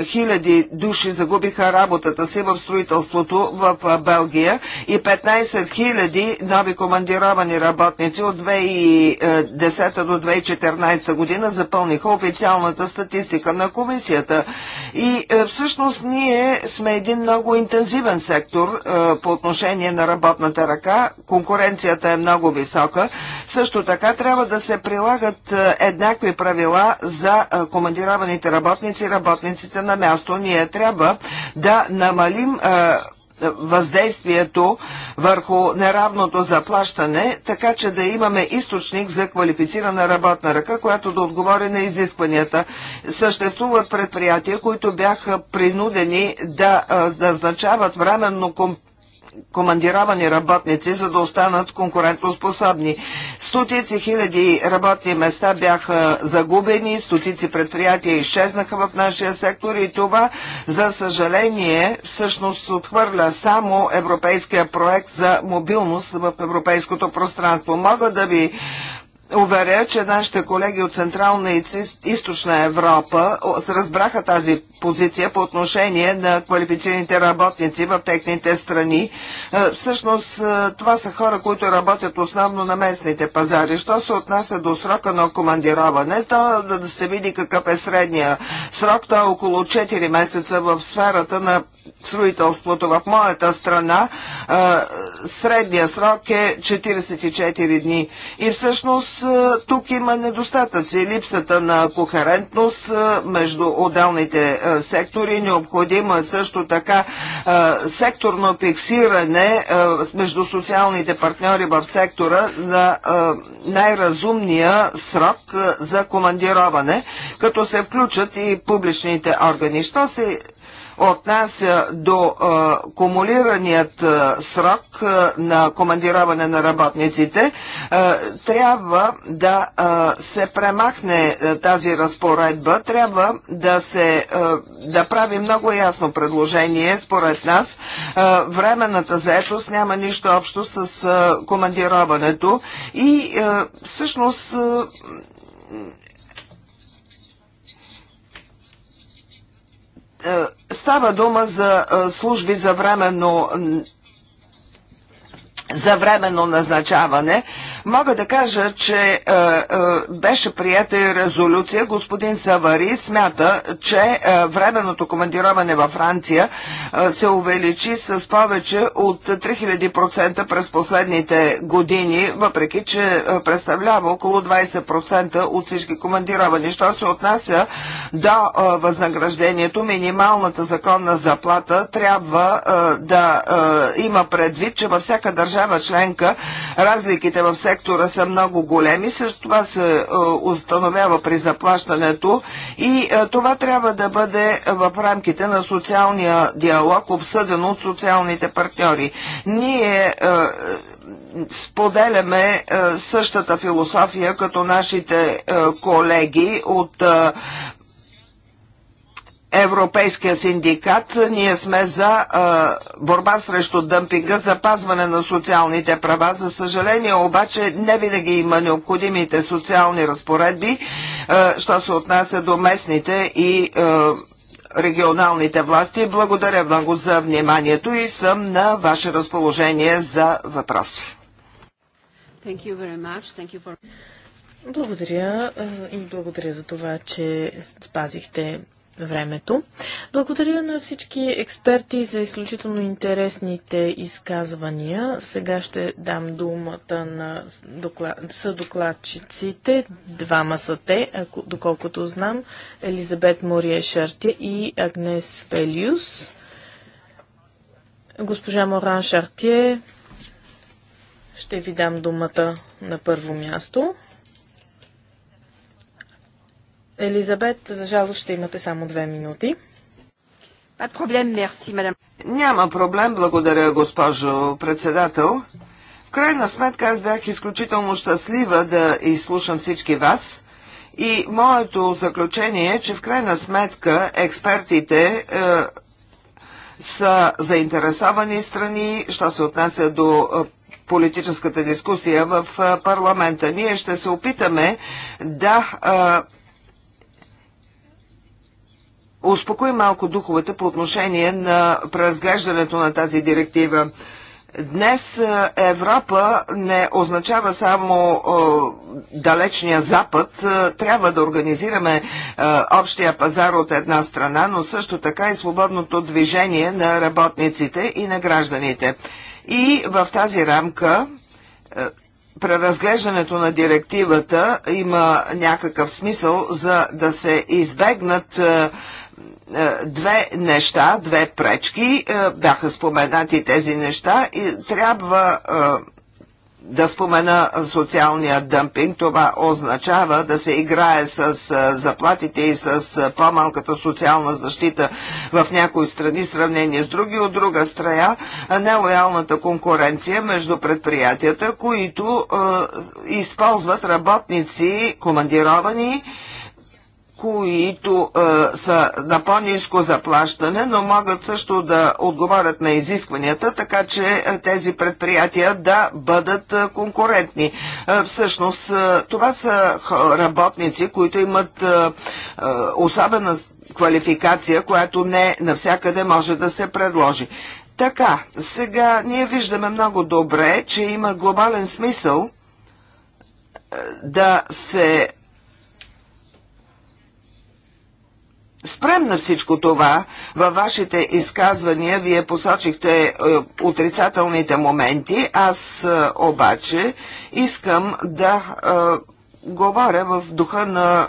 е, хиляди души загубиха работата си в строителството в е, Белгия и 15 000 000 нови командировани работници от 2010 до 2014 година запълниха официалната статистика на комисията. И е, всъщност ние сме един много интензивен сектор е, по отношение на работната ръка. Конкуренцията е много висока. Също така трябва да се прилагат е, еднакви правила за командированите работници и работниците на място. Ние трябва да намалим въздействието върху неравното заплащане, така че да имаме източник за квалифицирана работна ръка, която да отговори на изискванията. Съществуват предприятия, които бяха принудени да назначават временно компетентни командировани работници, за да останат конкурентоспособни. Стотици хиляди работни места бяха загубени, стотици предприятия изчезнаха в нашия сектор и това, за съжаление, всъщност отхвърля само европейския проект за мобилност в европейското пространство. Мога да ви уверя, че нашите колеги от Централна и Източна Европа разбраха тази позиция по отношение на квалифицираните работници в техните страни. Е, всъщност е, това са хора, които работят основно на местните пазари. Що се отнася до срока на командироване, то да се види какъв е средния срок, то е около 4 месеца в сферата на строителството в моята страна, средния срок е 44 дни. И всъщност тук има недостатъци. Липсата на кохерентност между отделните сектори. Необходимо е също така секторно фиксиране между социалните партньори в сектора на най-разумния срок за командироване, като се включат и публичните органи. Що се отнася до а, кумулираният а, срок а, на командираване на работниците, а, трябва да а, се премахне а, тази разпоредба, трябва да се а, да прави много ясно предложение според нас. А, временната заетост няма нищо общо с а, командироването и а, всъщност а, Е, става дума за е, служби за временно за временно назначаване. Мога да кажа, че е, е, беше прията и резолюция. Господин Савари смята, че е, временното командироване във Франция е, се увеличи с повече от 3000% през последните години, въпреки че е, представлява около 20% от всички командировани. Що се отнася до е, възнаграждението, минималната законна заплата трябва е, да е, има предвид, че във всяка държава членка разликите във всеки сектора са много големи, също това се е, установява при заплащането и е, това трябва да бъде в рамките на социалния диалог, обсъден от социалните партньори. Ние е, споделяме същата философия като нашите колеги от Европейския синдикат. Ние сме за а, борба срещу дъмпинга, запазване на социалните права. За съжаление, обаче не винаги има необходимите социални разпоредби, а, що се отнася до местните и а, регионалните власти. Благодаря много за вниманието и съм на ваше разположение за въпроси. For... Благодаря и благодаря за това, че спазихте времето. Благодаря на всички експерти за изключително интересните изказвания. Сега ще дам думата на доклад... съдокладчиците. Двама са те, ако... доколкото знам, Елизабет Мория Шартия и Агнес Пелиус. Госпожа Моран Шартие, ще ви дам думата на първо място. Елизабет, за жалост ще имате само две минути. Няма проблем, благодаря, госпожо председател. В крайна сметка аз бях изключително щастлива да изслушам всички вас. И моето заключение е, че в крайна сметка експертите е, са заинтересовани страни, що се отнася до е, политическата дискусия в е, парламента. Ние ще се опитаме да е, успокои малко духовете по отношение на преразглеждането на тази директива. Днес е, Европа не означава само е, далечния Запад. Е, трябва да организираме е, общия пазар от една страна, но също така и свободното движение на работниците и на гражданите. И в тази рамка е, преразглеждането на директивата има някакъв смисъл за да се избегнат е, е, две неща, две пречки, е, бяха споменати тези неща и трябва е, да спомена социалния дъмпинг, това означава да се играе с заплатите и с по-малката социална защита в някои страни в сравнение с други. От друга страя, нелоялната конкуренция между предприятията, които използват работници командировани които е, са на по-низко заплащане, но могат също да отговарят на изискванията, така че е, тези предприятия да бъдат е, конкурентни. Е, всъщност, е, това са работници, които имат е, е, особена квалификация, която не навсякъде може да се предложи. Така, сега ние виждаме много добре, че има глобален смисъл е, да се спрем на всичко това. Във вашите изказвания вие посочихте е, отрицателните моменти. Аз е, обаче искам да е, говоря в духа на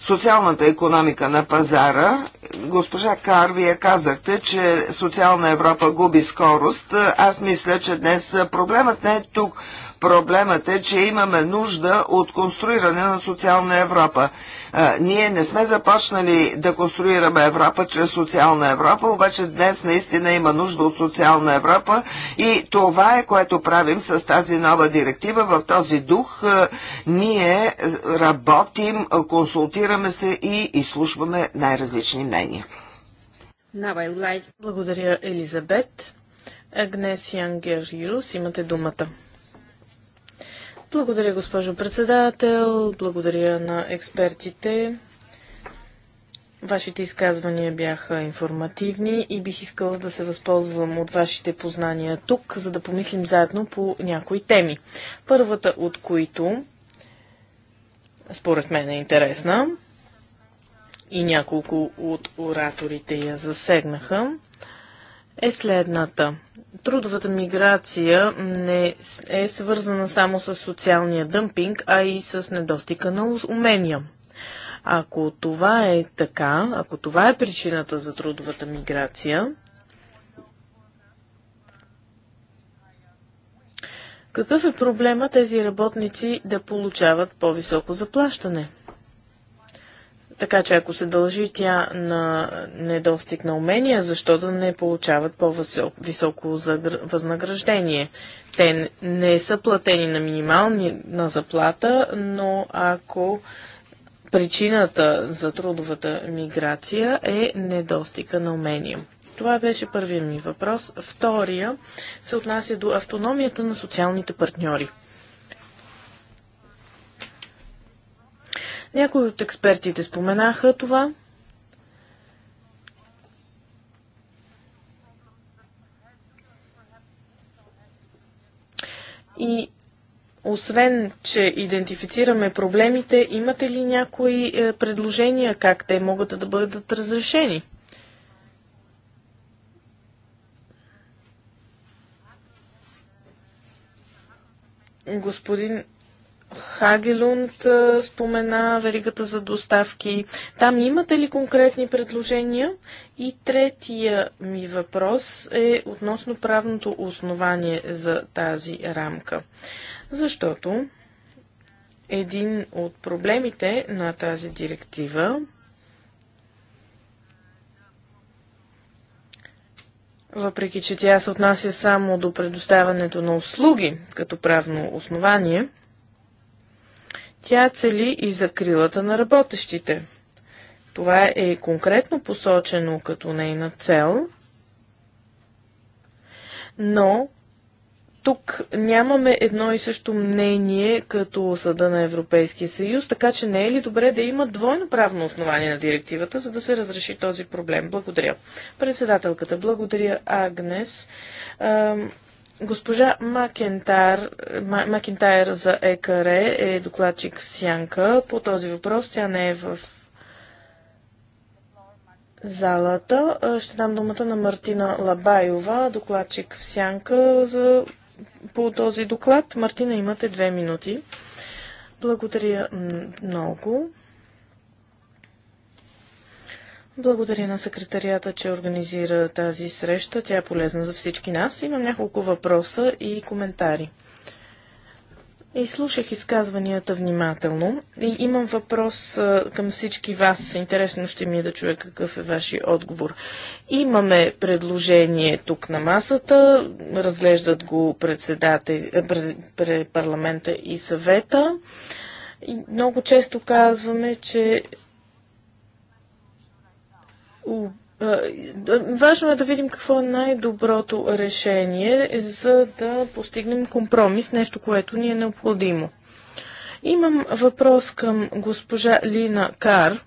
социалната економика на пазара. Госпожа Кар, вие казахте, че социална Европа губи скорост. Аз мисля, че днес проблемът не е тук. Проблемът е, че имаме нужда от конструиране на социална Европа. А, ние не сме започнали да конструираме Европа чрез социална Европа, обаче днес наистина има нужда от социална Европа и това е което правим с тази нова директива. В този дух а, ние работим, консултираме се и изслушваме най-различни мнения. Благодаря, Елизабет. Агнес Янгер Юрус, имате думата. Благодаря, госпожо председател. Благодаря на експертите. Вашите изказвания бяха информативни и бих искала да се възползвам от вашите познания тук, за да помислим заедно по някои теми. Първата от които, според мен е интересна, и няколко от ораторите я засегнаха, е следната – трудовата миграция не е свързана само с социалния дъмпинг, а и с недостига на умения. Ако това е така, ако това е причината за трудовата миграция, какъв е проблема тези работници да получават по-високо заплащане? Така че ако се дължи тя на недостиг на умения, защо да не получават по-високо възнаграждение? Те не са платени на минимални на заплата, но ако причината за трудовата миграция е недостига на умения. Това беше първият ми въпрос. Втория се отнася до автономията на социалните партньори. Някои от експертите споменаха това. И освен, че идентифицираме проблемите, имате ли някои е, предложения как те могат да бъдат разрешени? Господин Хагелунд спомена веригата за доставки. Там имате ли конкретни предложения? И третия ми въпрос е относно правното основание за тази рамка. Защото един от проблемите на тази директива въпреки че тя се отнася само до предоставянето на услуги като правно основание – тя цели и закрилата на работещите. Това е конкретно посочено като нейна цел, но тук нямаме едно и също мнение като Съда на Европейския съюз, така че не е ли добре да има двойно правно основание на директивата, за да се разреши този проблем? Благодаря. Председателката, благодаря Агнес. Госпожа Макентар, Макентайр за ЕКР е докладчик в Сянка. По този въпрос тя не е в залата. Ще дам думата на Мартина Лабайова, докладчик в Сянка за... по този доклад. Мартина, имате две минути. Благодаря много. Благодаря на секретарията, че организира тази среща. Тя е полезна за всички нас. Имам няколко въпроса и коментари. И слушах изказванията внимателно и имам въпрос а, към всички вас. Интересно ще ми е да чуя какъв е ваши отговор. Имаме предложение тук на масата, разглеждат го председател, пред, пред парламента и съвета. И много често казваме, че Важно е да видим какво е най-доброто решение, за да постигнем компромис, нещо, което ни е необходимо. Имам въпрос към госпожа Лина Кар.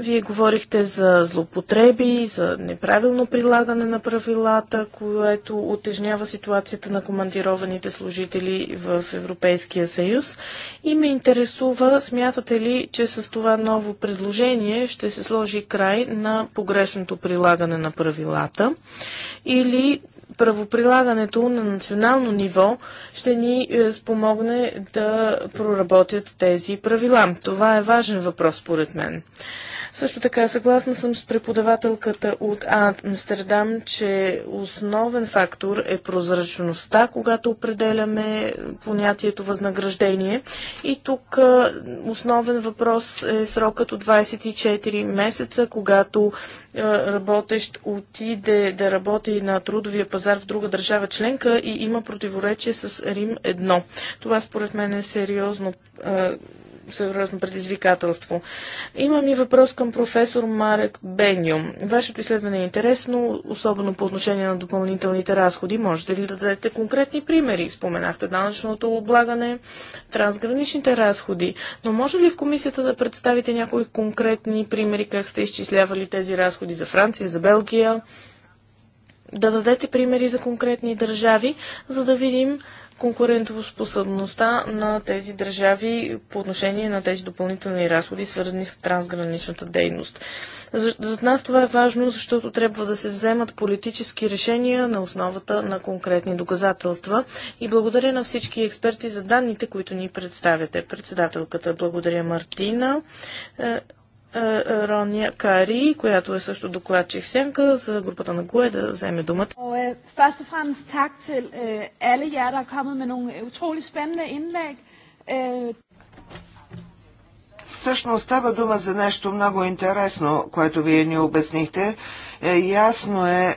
Вие говорихте за злопотреби, за неправилно прилагане на правилата, което отежнява ситуацията на командированите служители в Европейския съюз. И ме интересува, смятате ли, че с това ново предложение ще се сложи край на погрешното прилагане на правилата или правоприлагането на национално ниво ще ни е, спомогне да проработят тези правила? Това е важен въпрос, според мен. Също така, съгласна съм с преподавателката от Амстердам, че основен фактор е прозрачността, когато определяме понятието възнаграждение. И тук основен въпрос е срокът от 24 месеца, когато работещ отиде да работи на трудовия пазар в друга държава членка и има противоречие с Рим 1. Това според мен е сериозно сериозно предизвикателство. Имам и въпрос към професор Марек Беню. Вашето изследване е интересно, особено по отношение на допълнителните разходи. Можете ли да дадете конкретни примери? Споменахте данъчното облагане, трансграничните разходи, но може ли в комисията да представите някои конкретни примери как сте изчислявали тези разходи за Франция, за Белгия? Да дадете примери за конкретни държави, за да видим конкурентоспособността на тези държави по отношение на тези допълнителни разходи, свързани с трансграничната дейност. За, за нас това е важно, защото трябва да се вземат политически решения на основата на конкретни доказателства. И благодаря на всички експерти за данните, които ни представяте. Председателката, благодаря Мартина. Е, е, е, Рония Кари, която е също докладчик сенка за групата на ГУЕ да вземе думата. Е, først og fremmest tak til alle jer, der er kommet med nogle utrolig spændende indlæg. Øh, Всъщност става дума за нещо много интересно, което вие ни обяснихте. Ясно е,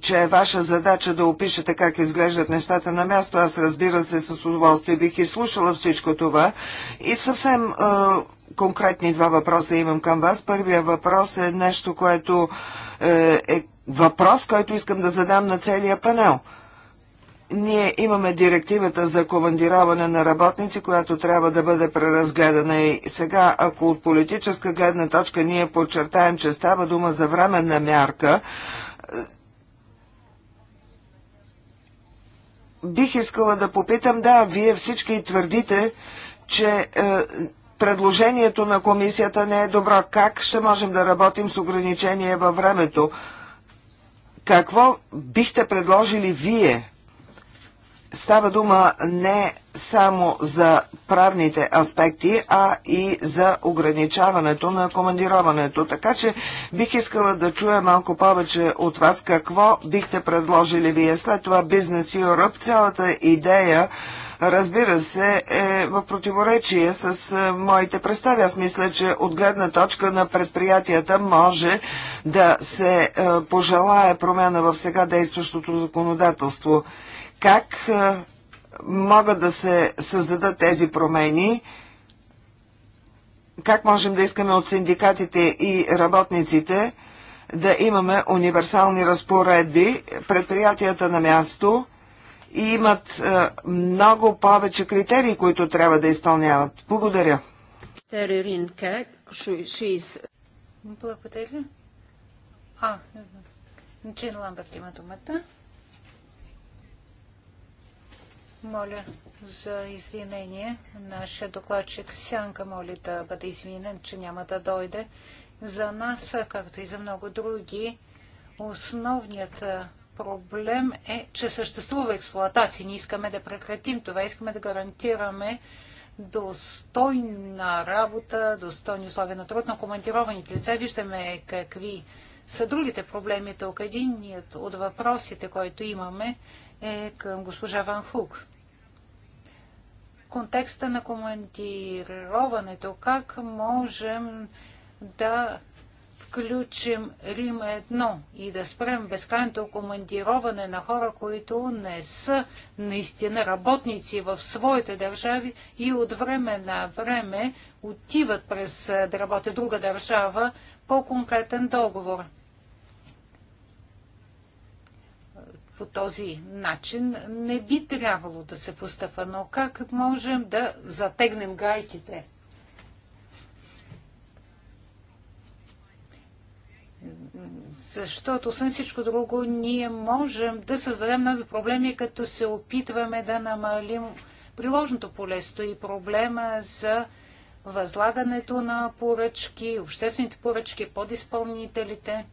че е ваша задача да опишете как изглеждат нещата на място. Аз разбира се с удоволствие бих и слушала всичко това и съвсем конкретни два въпроса имам към вас. Първия въпрос е нещо, което е, е въпрос, който искам да задам на целия панел. Ние имаме директивата за командироване на работници, която трябва да бъде преразгледана и сега, ако от политическа гледна точка ние подчертаем, че става дума за временна мярка, е, бих искала да попитам, да, вие всички твърдите, че е, предложението на комисията не е добро. Как ще можем да работим с ограничение във времето? Какво бихте предложили вие? Става дума не само за правните аспекти, а и за ограничаването на командироването. Така че бих искала да чуя малко повече от вас какво бихте предложили вие. След това Бизнес Europe, цялата идея разбира се, е в противоречие с е, моите представи. Аз мисля, че от гледна точка на предприятията може да се е, пожелая промяна в сега действащото законодателство. Как е, могат да се създадат тези промени? Как можем да искаме от синдикатите и работниците да имаме универсални разпоредби, предприятията на място – и имат е, много повече критерии, които трябва да изпълняват. Благодаря. Благодаря. А, има думата. Моля за извинение. Нашия докладчик Сянка моли да бъде извинен, че няма да дойде. За нас, както и за много други, основният е, проблем е, че съществува експлоатация. Ние искаме да прекратим това, искаме да гарантираме достойна работа, достойни условия на труд на командированите лица. Виждаме какви са другите проблеми тук. Единият от въпросите, който имаме, е към госпожа Ван Фук. Контекста на командироването, как можем да включим Рим 1 и да спрем безкрайното командироване на хора, които не са наистина работници в своите държави и от време на време отиват през е, да работят друга държава по конкретен договор. по този начин не би трябвало да се постъпва, но как можем да затегнем гайките? защото освен всичко друго ние можем да създадем нови проблеми, като се опитваме да намалим приложното поле. Стои проблема за възлагането на поръчки, обществените поръчки, подизпълнителите.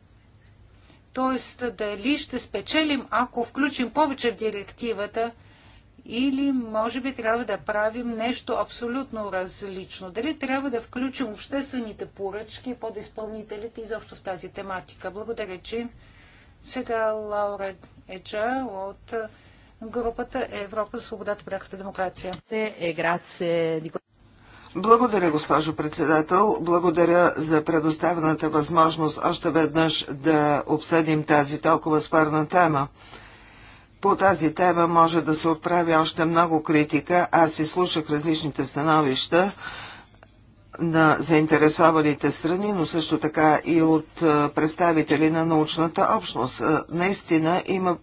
Тоест, дали ще спечелим, ако включим повече в директивата или може би трябва да правим нещо абсолютно различно. Дали трябва да включим обществените поръчки под изпълнителите изобщо в тази тематика? Благодаря, Чин. Сега Лаура Еджа от групата Европа за свободата, пряката демокрация. Е, Благодаря, госпожо председател. Благодаря за предоставената възможност още веднъж да обсъдим тази толкова спарна тема. По тази тема може да се отправи още много критика. Аз и слушах различните становища на заинтересованите страни, но също така и от представители на научната общност. Наистина има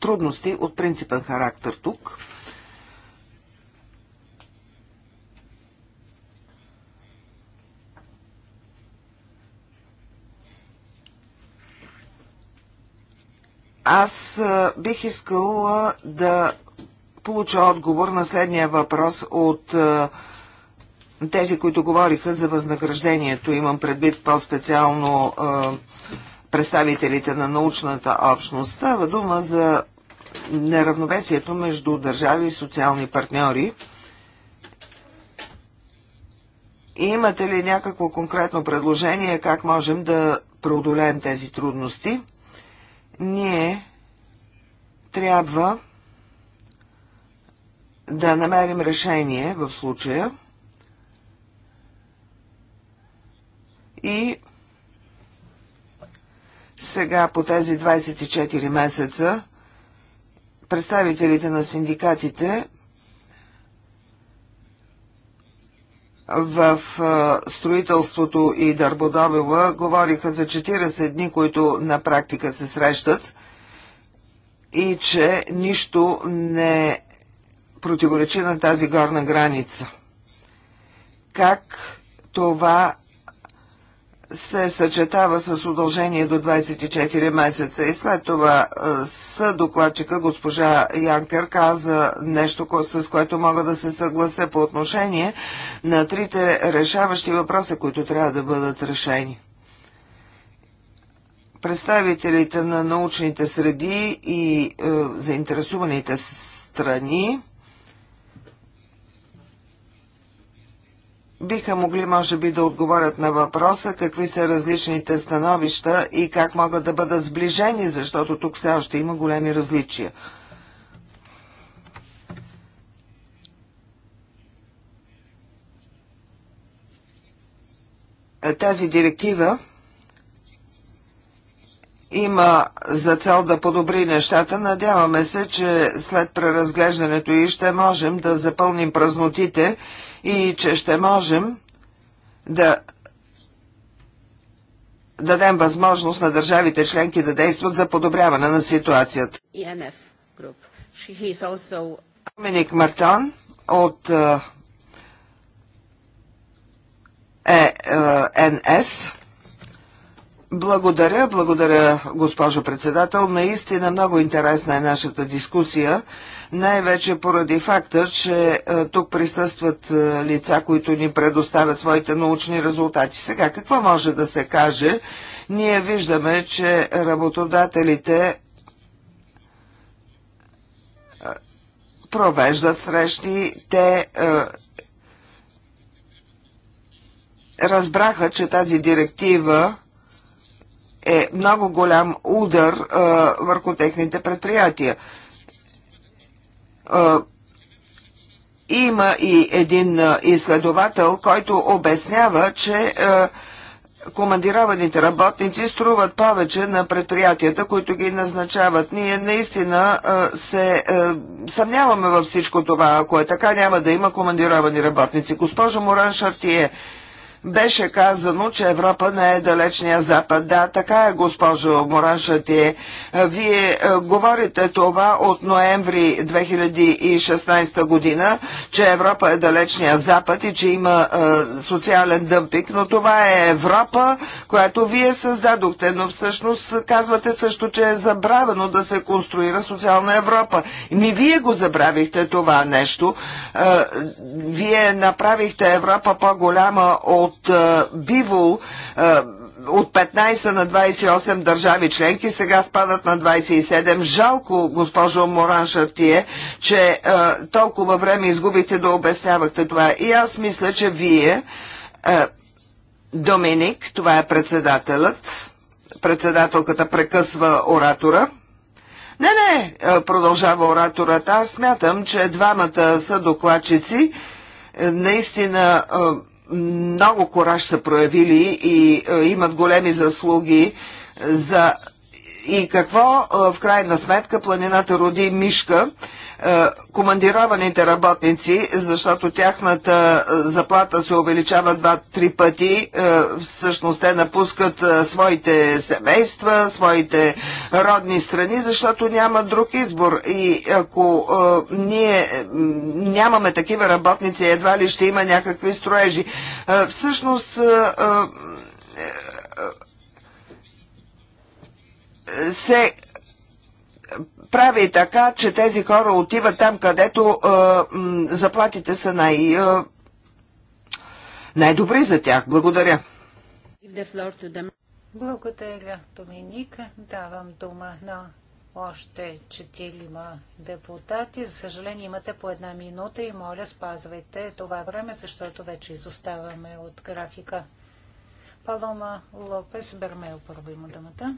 трудности от принципен характер тук. Аз бих искала да получа отговор на следния въпрос от тези, които говориха за възнаграждението. Имам предвид по-специално представителите на научната общност. Става дума за неравновесието между държави и социални партньори. И имате ли някакво конкретно предложение как можем да преодолеем тези трудности? ние трябва да намерим решение в случая и сега по тези 24 месеца представителите на синдикатите в строителството и дърбодобива говориха за 40 дни, които на практика се срещат и че нищо не противоречи на тази горна граница. Как това се съчетава с удължение до 24 месеца и след това е, с докладчика госпожа Янкер каза нещо, с което мога да се съглася по отношение на трите решаващи въпроса, които трябва да бъдат решени. Представителите на научните среди и е, заинтересуваните страни биха могли, може би, да отговорят на въпроса какви са различните становища и как могат да бъдат сближени, защото тук все още има големи различия. Тази директива има за цел да подобри нещата. Надяваме се, че след преразглеждането и ще можем да запълним празнотите и че ще можем да дадем възможност на държавите членки да действат за подобряване на ситуацията. E Доминик Мартан Мартон от ЕНС. Е, е, благодаря, благодаря, госпожо председател. Наистина много интересна е нашата дискусия най-вече поради факта, че е, тук присъстват е, лица, които ни предоставят своите научни резултати. Сега, какво може да се каже? Ние виждаме, че работодателите е, провеждат срещи, те разбраха, че тази директива е много голям удар а, върху техните предприятия има и един изследовател, който обяснява, че командированите работници струват повече на предприятията, които ги назначават. Ние наистина се съмняваме във всичко това. Ако е така, няма да има командировани работници. Госпожо Моран Шартие, беше казано, че Европа не е далечния запад. Да, така е, госпожо Морашати. Вие е, говорите това от ноември 2016 година, че Европа е далечния запад и че има е, социален дъмпик, но това е Европа, която вие създадохте, но всъщност казвате също, че е забравено да се конструира социална Европа. Не вие го забравихте това нещо. Е, вие направихте Европа по-голяма от от е, Бивол е, от 15 на 28 държави членки, сега спадат на 27. Жалко, госпожо Моран Шартие, че а, е, толкова време изгубите да обяснявахте това. И аз мисля, че вие, а, Доминик, това е председателът, председателката прекъсва оратора. Не, не, продължава ораторът. Аз смятам, че двамата са докладчици. Наистина много кораж са проявили и е, имат големи заслуги за и какво е, в крайна сметка планината роди Мишка е, командированите работници, защото тяхната е, заплата се увеличава два-три пъти, е, всъщност те напускат своите семейства, своите родни страни, защото няма друг избор. И ако ние нямаме такива работници, едва ли ще има някакви строежи. Всъщност се прави така, че тези хора отиват там, където заплатите са най- най-добри за тях. Благодаря. Благодаря, Доминик. Давам дума на още четирима депутати. За съжаление имате по една минута и моля спазвайте това време, защото вече изоставаме от графика. Палома Лопес Бермел първо има думата.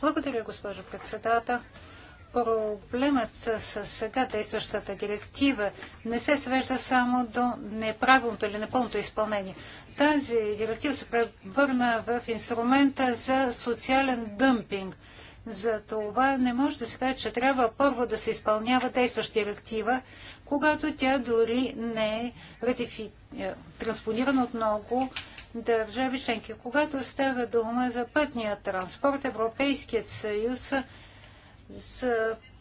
Благодаря, госпожо председател. Проблемът с сега действащата директива не се свежда само до неправилното или непълното изпълнение. Тази директива се превърна в инструмента за социален дъмпинг. За това не може да се каже, че трябва първо да се изпълнява действаща директива, когато тя дори не е ратифи... Е, транспонирана от много държави членки. Когато става дума за пътния транспорт, Европейският съюз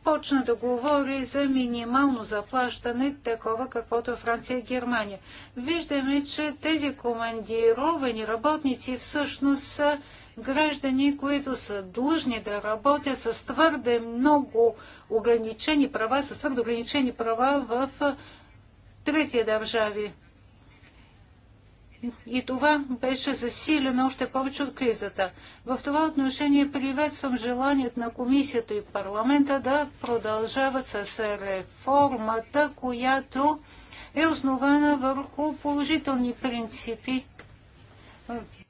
почна да говори за минимално заплащане, такова каквото е Франция и Германия. Виждаме, че тези командировани работници всъщност са граждани, които са длъжни да работят с твърде много ограничени права, с твърде ограничени права в трети държави. И това беше засилено още повече от кризата. В това отношение приветствам желанието на комисията и парламента да продължават с реформата, която е основана върху положителни принципи.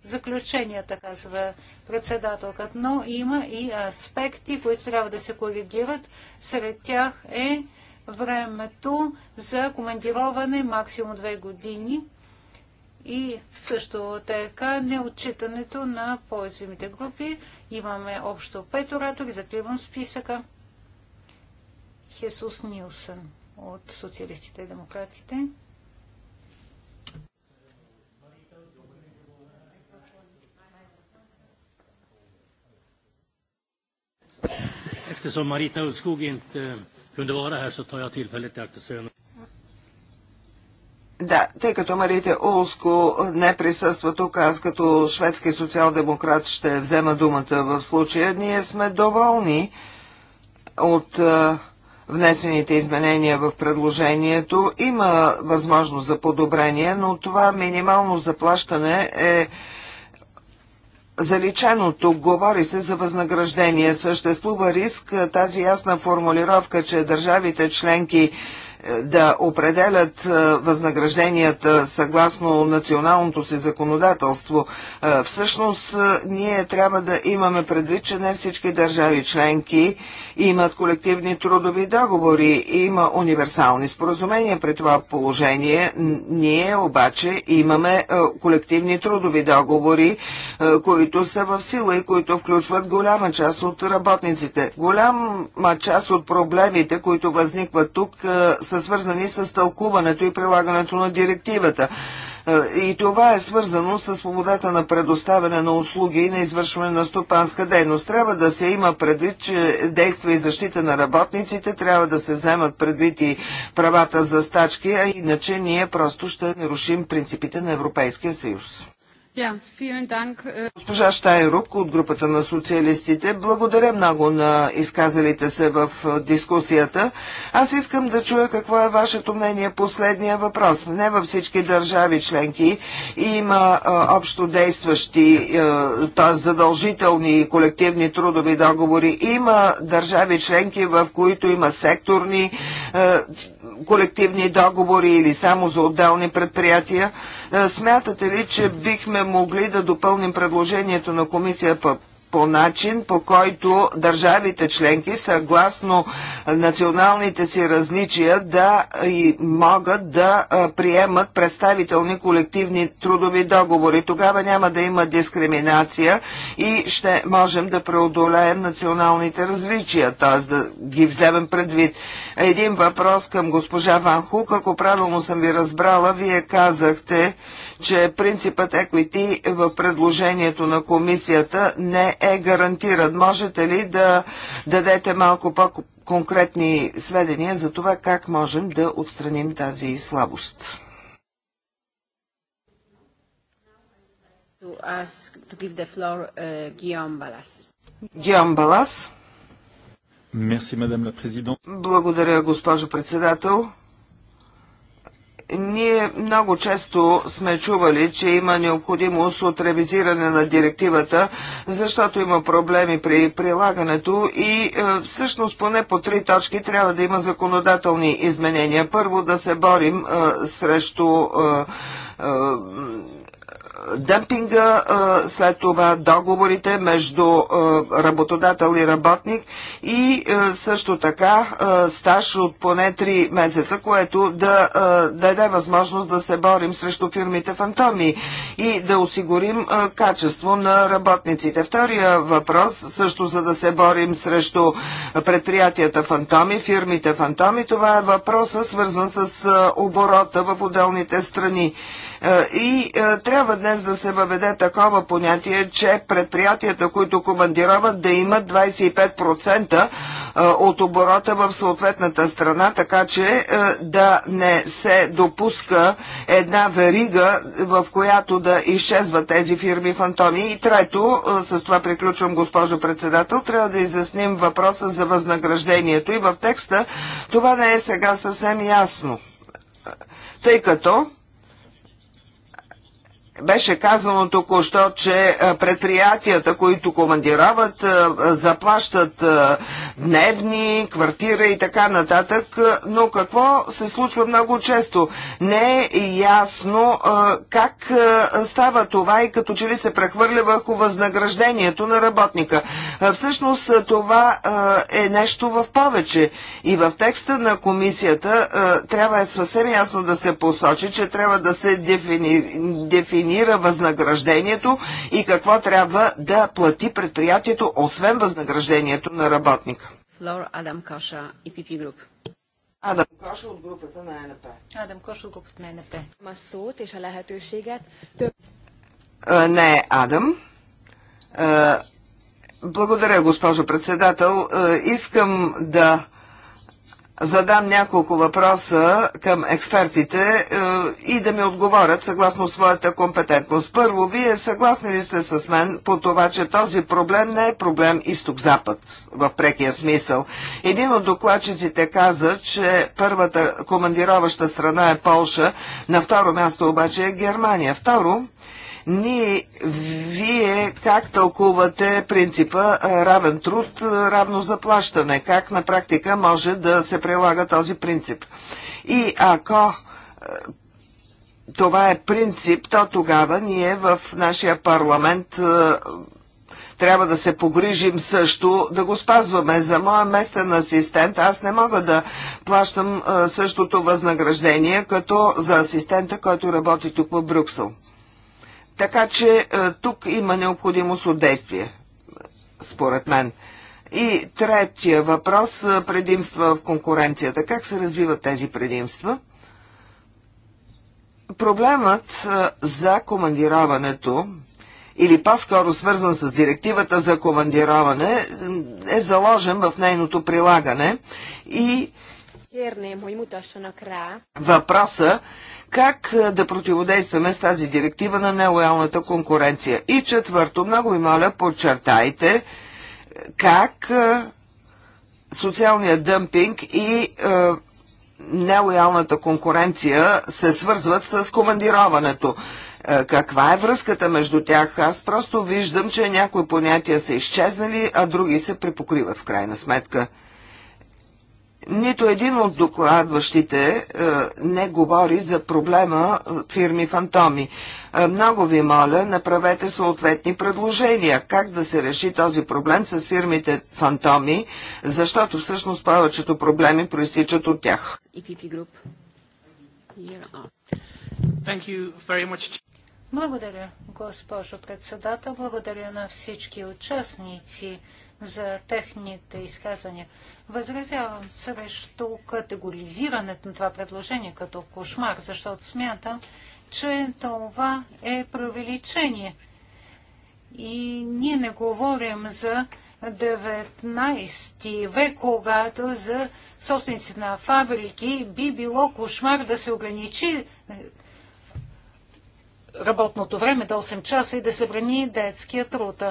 Заключенията, казва председателката, но има и аспекти, които трябва да се коригират. Сред тях е времето за командироване максимум две години – и също така неотчитането на по-извимите групи. Имаме общо пет оратори. Закривам списъка. Хесус Нилсън от Социалистите и Демократите. Eftersom Marita Ulvskog inte eh, kunde vara här så tar jag tillfället i akt och säger да, тъй като Марите Олско не присъства тук, аз като шведски социал-демократ ще взема думата в случая. Ние сме доволни от внесените изменения в предложението. Има възможност за подобрение, но това минимално заплащане е заличено тук. Говори се за възнаграждение. Съществува риск тази ясна формулировка, че държавите членки да определят е, възнагражденията съгласно националното си законодателство. Е, всъщност е, ние трябва да имаме предвид, че не всички държави членки имат колективни трудови договори, и има универсални споразумения при това положение. Ние обаче имаме колективни трудови договори, които са в сила и които включват голяма част от работниците. Голяма част от проблемите, които възникват тук, са са свързани с тълкуването и прилагането на директивата. Е, и това е свързано с свободата на предоставяне на услуги и на извършване на стопанска дейност. Трябва да се има предвид, че действа и защита на работниците, трябва да се вземат предвид и правата за стачки, а иначе ние просто ще нарушим принципите на Европейския съюз. Äh, Госпожа Штайрук от групата на социалистите, благодаря много на изказалите се в дискусията. Аз искам да чуя какво е вашето мнение последния въпрос. Не във всички държави членки има а, общо действащи, т.е. задължителни колективни трудови договори. Има държави членки, в които има секторни а, колективни договори или само за отделни предприятия. Е, смятате ли, че бихме могли да допълним предложението на комисия по по начин, по който държавите членки, съгласно националните си различия, да и могат да приемат представителни колективни трудови договори. Тогава няма да има дискриминация и ще можем да преодолеем националните различия, т.е. да ги вземем предвид. Един въпрос към госпожа Ван Хук. Ако правилно съм ви разбрала, вие казахте, че принципът equity в предложението на комисията не е гарантиран. Можете ли да дадете малко по-конкретни сведения за това как можем да отстраним тази слабост? Гиом Балас. Uh, Благодаря, госпожо председател. Ние много често сме чували, че има необходимост от ревизиране на директивата, защото има проблеми при прилагането и е, всъщност поне по три точки трябва да има законодателни изменения. Първо да се борим е, срещу е, демпинга, след това договорите между работодател и работник и също така стаж от поне 3 месеца, което да даде възможност да се борим срещу фирмите фантоми и да осигурим качество на работниците. Втория въпрос, също за да се борим срещу предприятията фантоми, фирмите фантоми, това е въпросът, свързан с оборота в отделните страни. Е, и е, трябва днес да се въведе такова понятие, че предприятията, които командироват, да имат 25% е, от оборота в съответната страна, така че да не се допуска една верига, в която да изчезват тези фирми фантоми. И трето, с това приключвам, госпожо председател, трябва да изясним въпроса за възнаграждението. И в текста това не е сега съвсем ясно. Тъй като беше казано току-що, че предприятията, които командирават, заплащат дневни, квартира и така нататък, но какво се случва много често? Не е ясно как става това и като че ли се прехвърля върху възнаграждението на работника. Всъщност това е нещо в повече. И в текста на комисията трябва съвсем ясно да се посочи, че трябва да се дефини, дефинира възнаграждението и какво трябва да плати предприятието, освен възнаграждението на работника. Лора Адам Коша, и Пипи Груп. Адам Коша от групата на НП. Адам Коша от групата на НП. Масут и лехетőséget. Не Адам. Благодаря, госпожо председател. Искам да задам няколко въпроса към експертите е, и да ми отговорят съгласно своята компетентност. Първо, вие съгласни ли сте с мен по това, че този проблем не е проблем изток-запад в прекия смисъл? Един от докладчиците каза, че първата командироваща страна е Полша, на второ място обаче е Германия. Второ, ние, вие как тълкувате принципа равен труд, равно заплащане? Как на практика може да се прилага този принцип? И ако това е принцип, то тогава ние в нашия парламент трябва да се погрижим също да го спазваме. За моя местен асистент аз не мога да плащам същото възнаграждение, като за асистента, който работи тук в Брюксел. Така че е, тук има необходимост от действие, според мен. И третия въпрос е, – предимства в конкуренцията. Как се развиват тези предимства? Проблемът е, за командироването или по-скоро свързан с директивата за командироване, е заложен в нейното прилагане и въпроса как е, да противодействаме с тази директива на нелоялната конкуренция. И четвърто, много ви моля, подчертайте е, как е, социалният дъмпинг и нелоялната конкуренция се свързват с командироването. Каква е връзката между тях? Аз просто виждам, че някои понятия са изчезнали, а други се припокриват в крайна сметка. Нито един от докладващите е, не говори за проблема е, фирми фантоми. Е, много ви моля, направете съответни предложения как да се реши този проблем с фирмите фантоми, защото всъщност повечето проблеми проистичат от тях. Благодаря, госпожо председател. Благодаря на всички участници за техните изказвания. Възразявам срещу категоризирането на това предложение като кошмар, защото смятам, че това е преувеличение. И ние не говорим за 19 век, когато за собствениците на фабрики би било кошмар да се ограничи работното време до 8 часа и да се брани детския труд.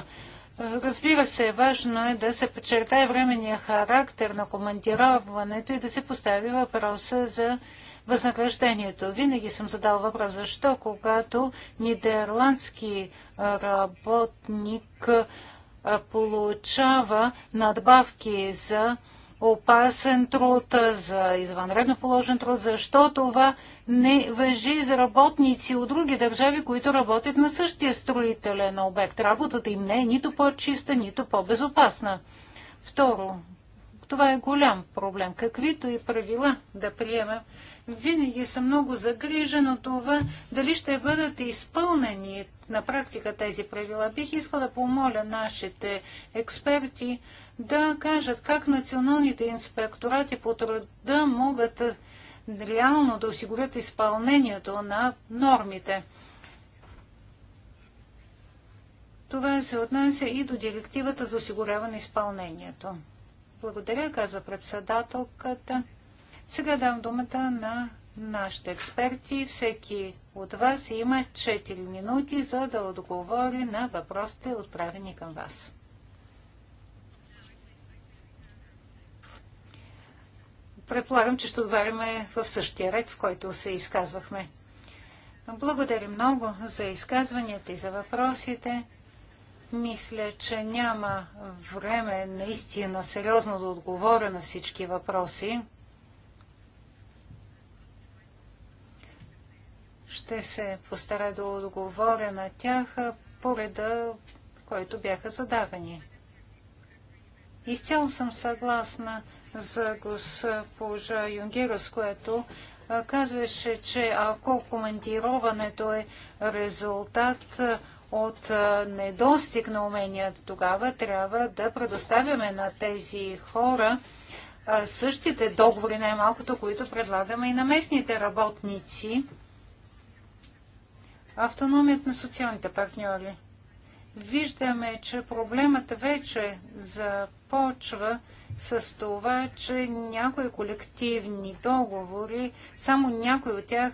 Разбира се, важно е да се подчертае временния характер на командироването и да се постави въпроса за възнаграждението. Винаги съм задал въпрос, защо когато нидерландски работник получава надбавки за опасен труд, за извънредно положен труд, защо това не въжи за работници от други държави, които работят на същия строителен обект. Работата им не е нито по-чиста, нито по-безопасна. Второ, това е голям проблем. Каквито и правила да приемем, винаги съм много загрижен от това, дали ще бъдат изпълнени на практика тези правила. Бих искала да помоля нашите експерти да кажат как националните инспекторати по труда могат реално да осигурят изпълнението на нормите. Това се отнася и до директивата за осигуряване изпълнението. Благодаря, казва председателката. Сега дам думата на нашите експерти. Всеки от вас има 4 минути, за да отговори на въпросите, отправени към вас. Предполагам, че ще отваряме в същия ред, в който се изказвахме. Благодаря много за изказванията и за въпросите. Мисля, че няма време наистина сериозно да отговоря на всички въпроси. Ще се постара да отговоря на тях по реда, който бяха задавани. Изцяло съм съгласна за госпожа Юнгерос, което казваше, че ако командироването е резултат от недостиг на умения, тогава трябва да предоставяме на тези хора същите договори, най-малкото, които предлагаме и на местните работници. Автономият на социалните партньори. Виждаме, че проблемът вече започва с това, че някои колективни договори, само някои от тях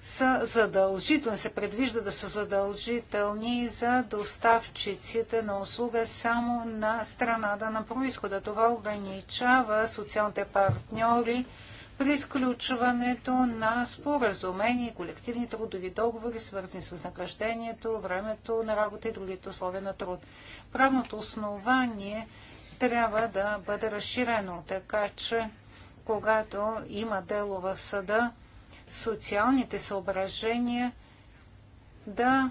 са задължителни, се предвижда да са задължителни за доставчиците на услуга само на страната на происхода. Това ограничава социалните партньори при изключването на споразумения и колективни трудови договори, свързани с възнаграждението, времето на работа и другите условия на труд. Правното основание – трябва да бъде разширено, така че когато има дело в съда, социалните съображения да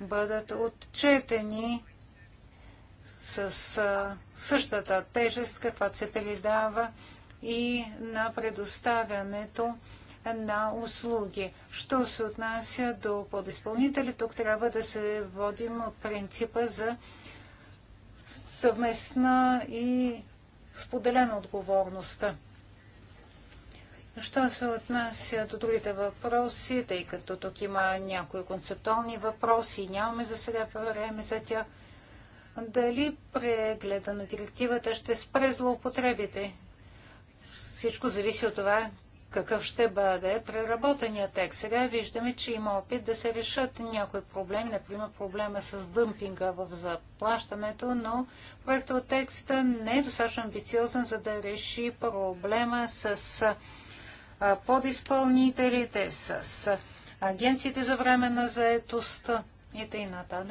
бъдат отчетени с същата тежест, каквато се передава и на предоставянето на услуги. Що се отнася до подиспълнители, тук трябва да се водим от принципа за съвместна и споделена отговорността. Що се отнася до другите въпроси, тъй като тук има някои концептуални въпроси и нямаме за сега време за тях, дали прегледа на директивата ще спре злоупотребите? Всичко зависи от това какъв ще бъде преработения текст. Сега виждаме, че има опит да се решат някои проблеми, например проблема с дъмпинга в заплащането, но проектът текста не е достатъчно амбициозен, за да реши проблема с подизпълнителите, с агенциите за време на заетост и т.н.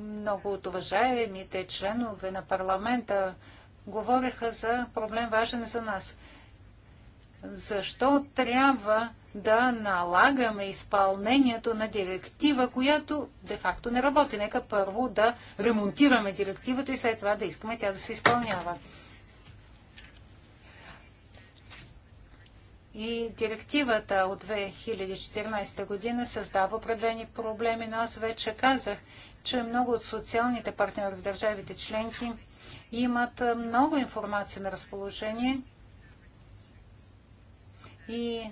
Много от уважаемите членове на парламента говореха за проблем важен за нас – защо трябва да налагаме изпълнението на директива, която де-факто не работи? Нека първо да ремонтираме директивата и след това да искаме тя да се изпълнява. И директивата от 2014 година създава определени проблеми, но аз вече казах, че много от социалните партньори в държавите членки имат много информация на разположение и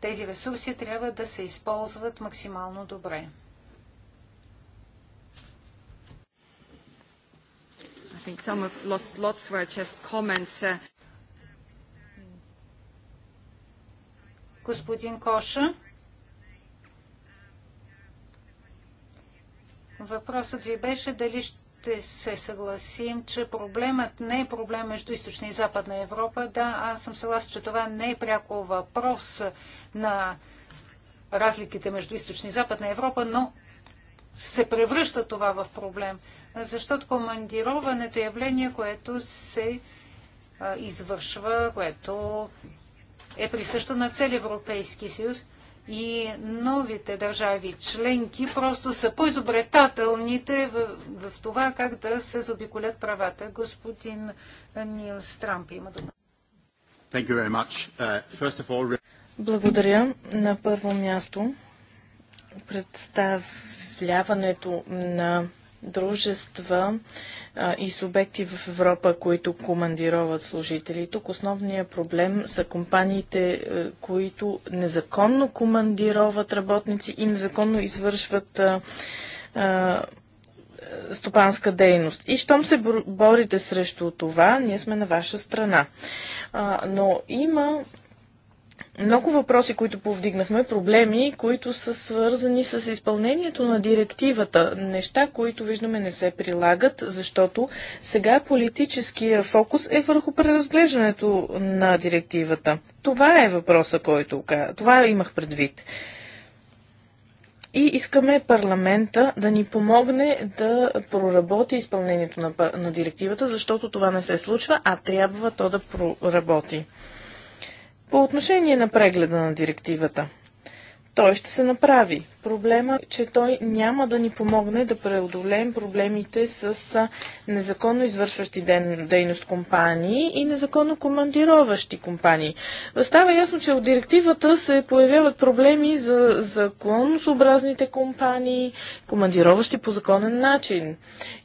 тези ресурси трябва да се използват максимално добре. Lots, lots uh, Господин Коша, въпросът ви беше дали ще ще се съгласим, че проблемът не е проблем между източна и западна Европа. Да, аз съм съгласен, че това не е пряко въпрос на разликите между източна и западна Европа, но се превръща това в проблем. Защото командироването е явление, което се извършва, което е присъщо на цели Европейски съюз и новите държави членки просто са по-изобретателните в, в това как да се заобиколят правата. Господин Нил Страмп има дума. Uh, all... Благодаря. На първо място представляването на дружества а, и субекти в Европа, които командироват служители. Тук основният проблем са компаниите, е, които незаконно командироват работници и незаконно извършват а, а, стопанска дейност. И щом се борите срещу това, ние сме на ваша страна. А, но има много въпроси, които повдигнахме, проблеми, които са свързани с изпълнението на директивата. Неща, които виждаме не се прилагат, защото сега политическия фокус е върху преразглеждането на директивата. Това е въпроса, който това имах предвид. И искаме парламента да ни помогне да проработи изпълнението на, на директивата, защото това не се случва, а трябва то да проработи. По отношение на прегледа на директивата, той ще се направи. Проблема е, че той няма да ни помогне да преодолеем проблемите с незаконно извършващи дейност компании и незаконно командироващи компании. Става ясно, че от директивата се появяват проблеми за законосообразните компании, командироващи по законен начин.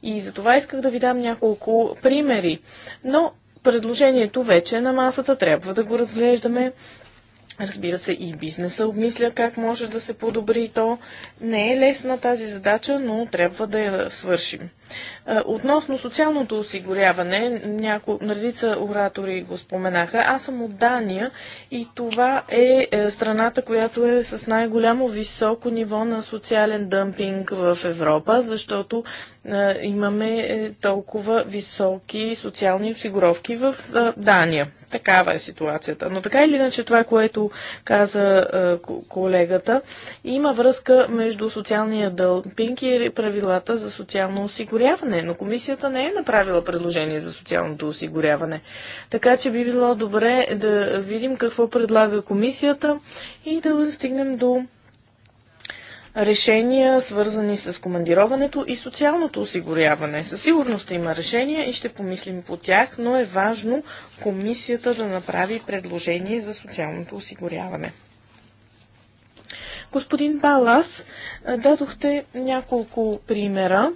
И за това исках да ви дам няколко примери. Но Предложението вече е на масата, трябва да го разглеждаме, Разбира се, и бизнеса обмисля как може да се подобри то. Не е лесна тази задача, но трябва да я свършим. Относно социалното осигуряване, няко... редица оратори го споменаха. Аз съм от Дания и това е, е страната, която е с най-голямо високо ниво на социален дъмпинг в Европа, защото имаме е, толкова високи социални осигуровки в Дания. Такава е ситуацията. Но така или иначе това, което каза каза колегата, има връзка между социалния дълпинг и правилата за социално осигуряване. Но комисията не е направила предложение за социалното осигуряване. Така че би било добре да видим какво предлага комисията и да стигнем до решения, свързани с командироването и социалното осигуряване. Със сигурност има решения и ще помислим по тях, но е важно комисията да направи предложение за социалното осигуряване. Господин Балас, дадохте няколко примера.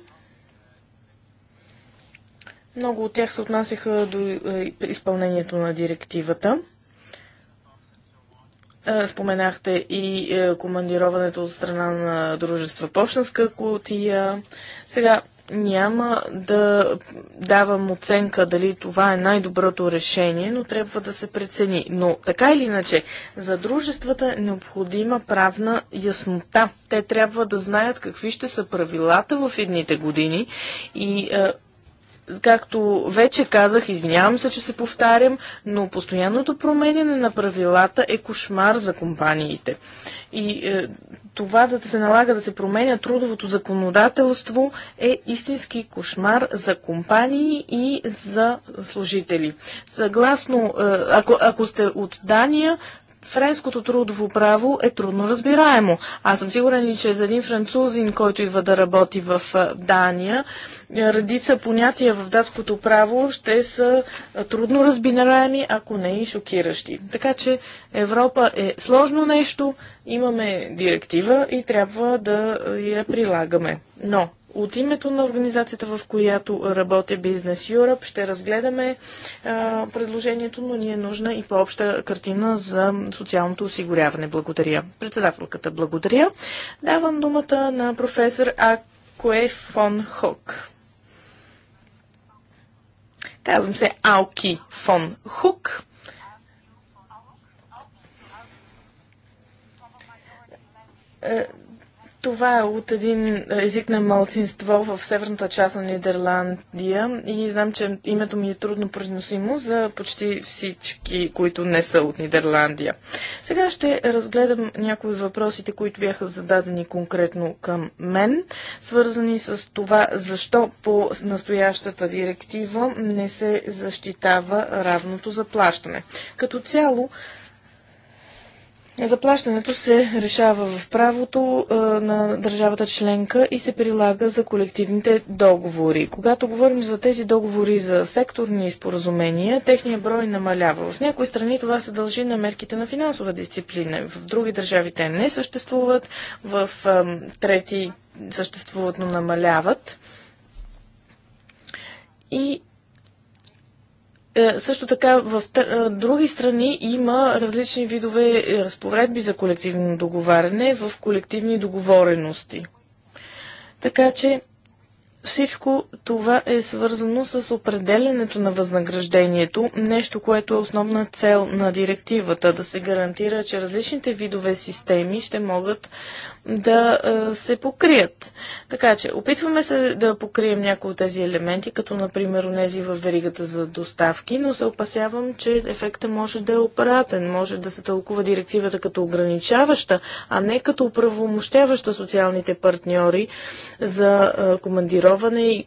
Много от тях се отнасяха до е, изпълнението на директивата. Е, споменахте и е, командироването от страна на дружества Почтенска котия. Сега няма да давам оценка дали това е най-доброто решение, но трябва да се прецени. Но така или иначе, за дружествата е необходима правна яснота. Те трябва да знаят какви ще са правилата в едните години и е, Както вече казах, извинявам се, че се повтарям, но постоянното променяне на правилата е кошмар за компаниите. И е, това да се налага да се променя трудовото законодателство е истински кошмар за компании и за служители. Съгласно, е, ако, ако сте от Дания, френското трудово право е трудно разбираемо. Аз съм сигурен ли, че за един французин, който идва да работи в Дания, е, редица понятия в датското право ще са трудно разбираеми, ако не и шокиращи. Така че Европа е сложно нещо, имаме директива и трябва да я прилагаме. Но от името на организацията, в която работя Бизнес Юръп, ще разгледаме а, предложението, но ни е нужна и по-обща картина за социалното осигуряване. Благодаря. Председателката, благодаря. Давам думата на професор Акуе фон Хок. Казвам се Алки фон Хук. Е, това е от един език на малцинство в северната част на Нидерландия и знам, че името ми е трудно произносимо за почти всички, които не са от Нидерландия. Сега ще разгледам някои от въпросите, които бяха зададени конкретно към мен, свързани с това защо по настоящата директива не се защитава равното заплащане. Като цяло, Заплащането се решава в правото а, на държавата членка и се прилага за колективните договори. Когато говорим за тези договори за секторни споразумения, техният брой намалява. В някои страни това се дължи на мерките на финансова дисциплина. В други държави те не съществуват, в а, трети съществуват, но намаляват. И е, също така в е, други страни има различни видове е, разпоредби за колективно договаряне в колективни договорености. Така че всичко това е свързано с определенето на възнаграждението, нещо, което е основна цел на директивата, да се гарантира, че различните видове системи ще могат да се покрият. Така че, опитваме се да покрием някои от тези елементи, като например онези в веригата за доставки, но се опасявам, че ефектът може да е оператен, може да се тълкува директивата като ограничаваща, а не като правомощяваща социалните партньори за командироване и,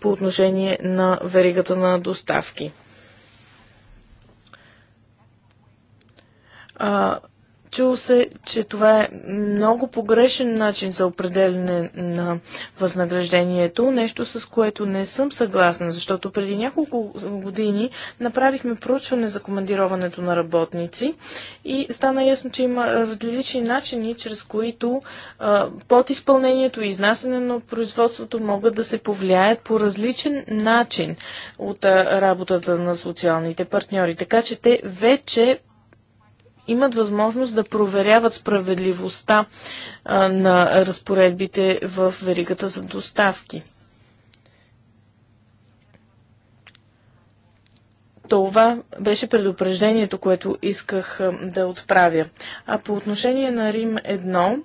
по отношение на веригата на доставки. Чул се, че това е много погрешен начин за определене на възнаграждението, нещо с което не съм съгласна, защото преди няколко години направихме проучване за командироването на работници и стана ясно, че има различни начини, чрез които под изпълнението и изнасяне на производството могат да се повлияят по различен начин от работата на социалните партньори. Така че те вече имат възможност да проверяват справедливостта на разпоредбите в веригата за доставки. Това беше предупреждението, което исках да отправя. А по отношение на Рим 1,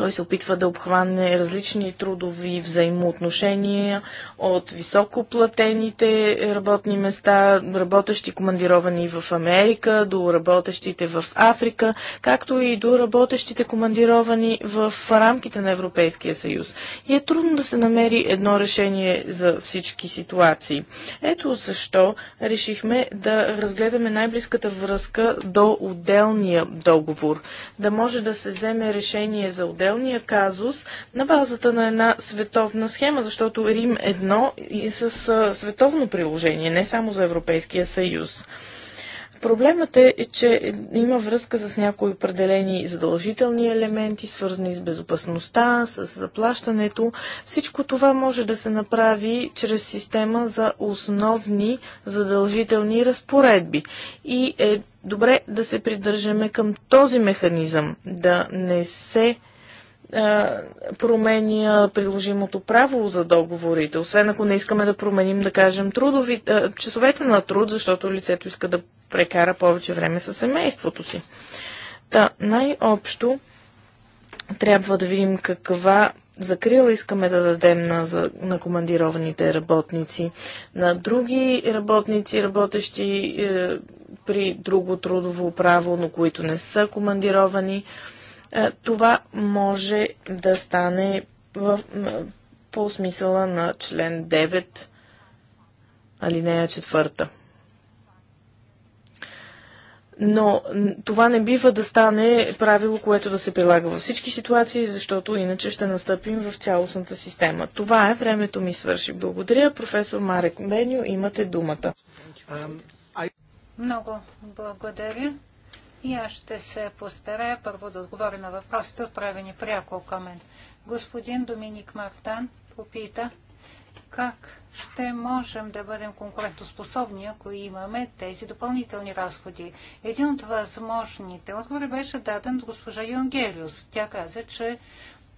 той се опитва да обхване различни трудови взаимоотношения от високоплатените работни места, работещи командировани в Америка, до работещите в Африка, както и до работещите командировани в рамките на Европейския съюз. И е трудно да се намери едно решение за всички ситуации. Ето защо решихме да разгледаме най-близката връзка до отделния договор, да може да се вземе решение за отделния отделния казус на базата на една световна схема, защото Рим едно и с световно приложение, не само за Европейския съюз. Проблемът е, че има връзка с някои определени задължителни елементи, свързани с безопасността, с заплащането. Всичко това може да се направи чрез система за основни задължителни разпоредби. И е добре да се придържаме към този механизъм, да не се е, променя приложимото право за договорите, освен ако не искаме да променим, да кажем, трудови, е, часовете на труд, защото лицето иска да прекара повече време със семейството си. Та, най-общо трябва да видим каква закрила искаме да дадем на, за, на командированите работници, на други работници, работещи е, при друго трудово право, но които не са командировани. Е, е, това може да стане в, по смисъла на член 9, алинея 4. Но това не бива да стане правило, което да се прилага във всички ситуации, защото иначе ще настъпим в цялостната система. Това е, времето ми свърши. Благодаря. Професор Марек Меню, имате думата. Um, Много благодаря. И аз ще се постарая първо да отговоря на въпросите, отправени пряко към мен. Господин Доминик Мартан попита как ще можем да бъдем конкурентоспособни, ако имаме тези допълнителни разходи. Един от възможните отговори беше даден от госпожа Юнгелиус. Тя каза, че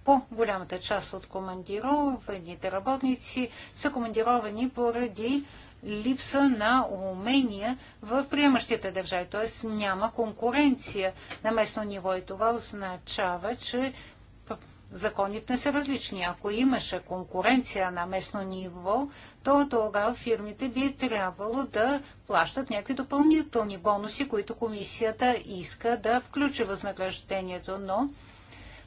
по-голямата част от командированите работници са командировани поради липса на умения в приемащите държави, т.е. няма конкуренция на местно ниво и това означава, че законите не са различни. Ако имаше конкуренция на местно ниво, то тогава фирмите би трябвало да плащат някакви допълнителни бонуси, които комисията иска да включи възнаграждението, но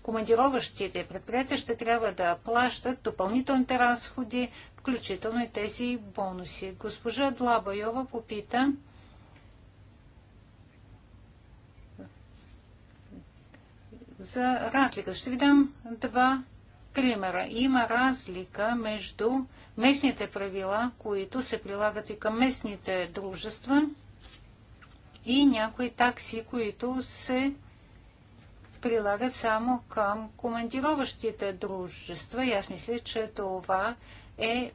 командироващите предприятия ще трябва да плащат допълнителните разходи включително и тези бонуси. Госпожа Длабайова попита за разлика. Ще ви дам два примера. Има разлика между местните правила, които се прилагат и към местните дружества и някои такси, които се прилагат само към командироващите дружества. И аз мисля, че това е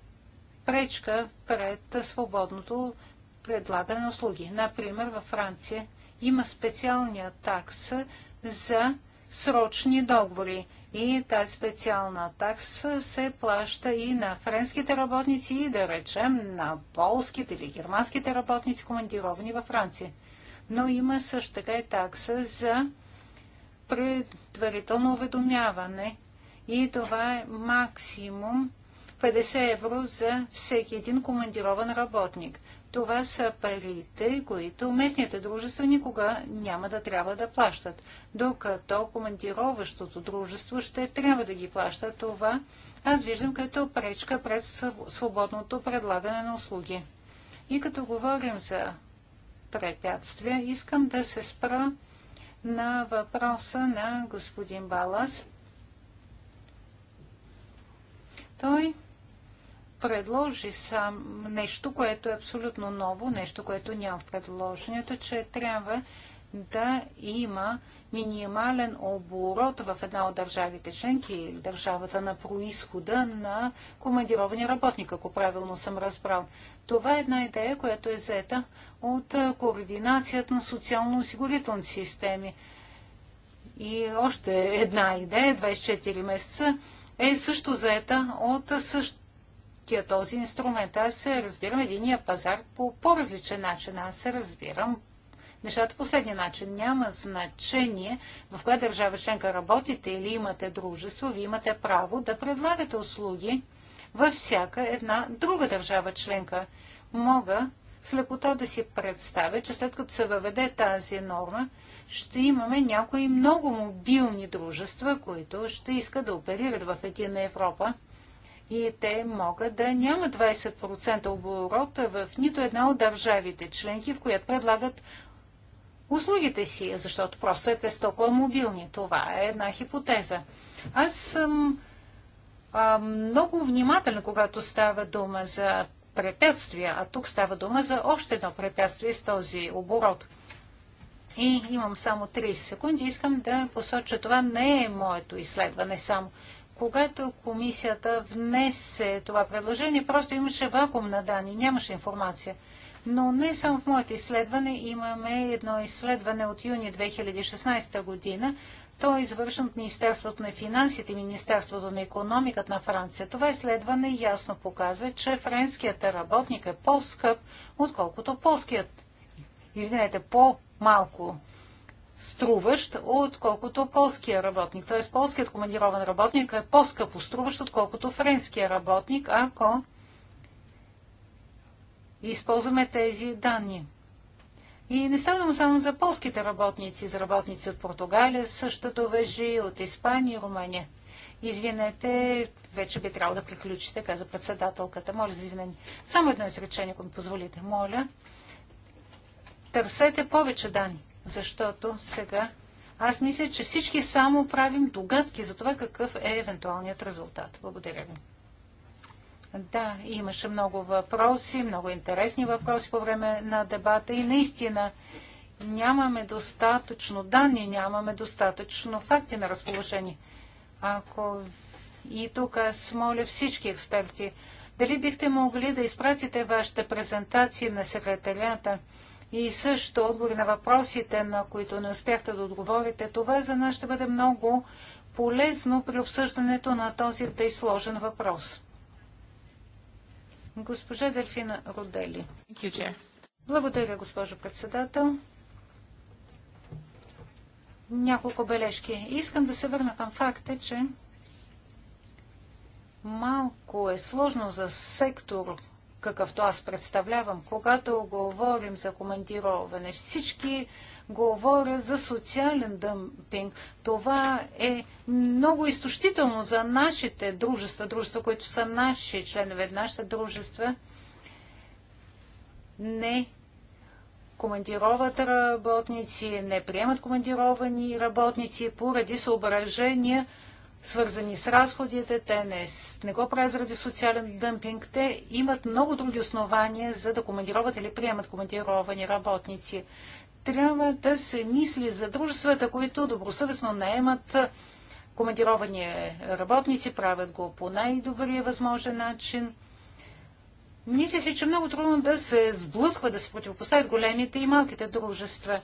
пречка пред свободното предлагане на услуги. Например, във Франция има специалния такс за срочни договори. И тази специална такса се плаща и на френските работници, и да речем на полските или германските работници, командировани във Франция. Но има също така и такса за предварително уведомяване. И това е максимум 50 евро за всеки един командирован работник. Това са парите, които местните дружества никога няма да трябва да плащат, докато командироващото дружество ще трябва да ги плаща това. Аз виждам като пречка през свободното предлагане на услуги. И като говорим за препятствия, искам да се спра на въпроса на господин Балас. Той предложи сам нещо, което е абсолютно ново, нещо, което няма в предложението, че трябва да има минимален оборот в една от държавите членки или държавата на происхода на командирования работник, ако правилно съм разбрал. Това е една идея, която е взета от координацията на социално-осигурителни системи. И още една идея, 24 месеца, е също заета от същ същия този инструмент. Аз разбирам единия пазар по по-различен начин. Аз разбирам нещата по следния начин. Няма значение в коя държава членка работите или имате дружество, вие имате право да предлагате услуги във всяка една друга държава членка. Мога с лекота да си представя, че след като се въведе тази норма, ще имаме някои много мобилни дружества, които ще искат да оперират в един Европа и те могат да нямат 20% оборота в нито една от държавите членки, в която предлагат услугите си, защото просто е те толкова мобилни. Това е една хипотеза. Аз съм а, много внимателна, когато става дума за препятствия, а тук става дума за още едно препятствие с този оборот. И имам само 30 секунди. Искам да посоча, това не е моето изследване само когато комисията внесе това предложение, просто имаше вакуум на данни, нямаше информация. Но не само в моето изследване, имаме едно изследване от юни 2016 година. То е извършено от Министерството на финансите и Министерството на економиката на Франция. Това изследване ясно показва, че френският работник е по-скъп, отколкото полският. Извинете, по-малко струващ, отколкото полския работник. Т.е. полският командирован работник е по-скъпо струващ, отколкото френския работник, ако използваме тези данни. И не става дума само за полските работници, за работници от Португалия, същото въжи от Испания и Румъния. Извинете, вече би трябвало да приключите, каза председателката. Моля за извинение. Само едно изречение, ако ми позволите. Моля, търсете повече данни защото сега аз мисля, че всички само правим догадки за това какъв е евентуалният резултат. Благодаря ви. Да, имаше много въпроси, много интересни въпроси по време на дебата и наистина нямаме достатъчно данни, нямаме достатъчно факти на разположение. Ако и тук аз моля всички експерти, дали бихте могли да изпратите вашите презентации на секретарията? и също отговори на въпросите, на които не успяхте да отговорите. Това за нас ще бъде много полезно при обсъждането на този тъй сложен въпрос. Госпожа Дельфина Родели. Благодаря, госпожо председател. Няколко бележки. Искам да се върна към факта, че малко е сложно за сектор, какъвто аз представлявам, когато говорим за командироване, всички говорят за социален дъмпинг. Това е много изтощително за нашите дружества, дружества, които са наши членове, нашите дружества. Не командироват работници, не приемат командировани работници поради съображения – свързани с разходите, те не, не го правят заради социален дъмпинг, те имат много други основания за да командироват или приемат командировани работници. Трябва да се мисли за дружествата, които добросъвестно наемат командировани работници, правят го по най-добрия възможен начин. Мисля си, че много трудно да се сблъсква, да се противопоставят големите и малките дружества.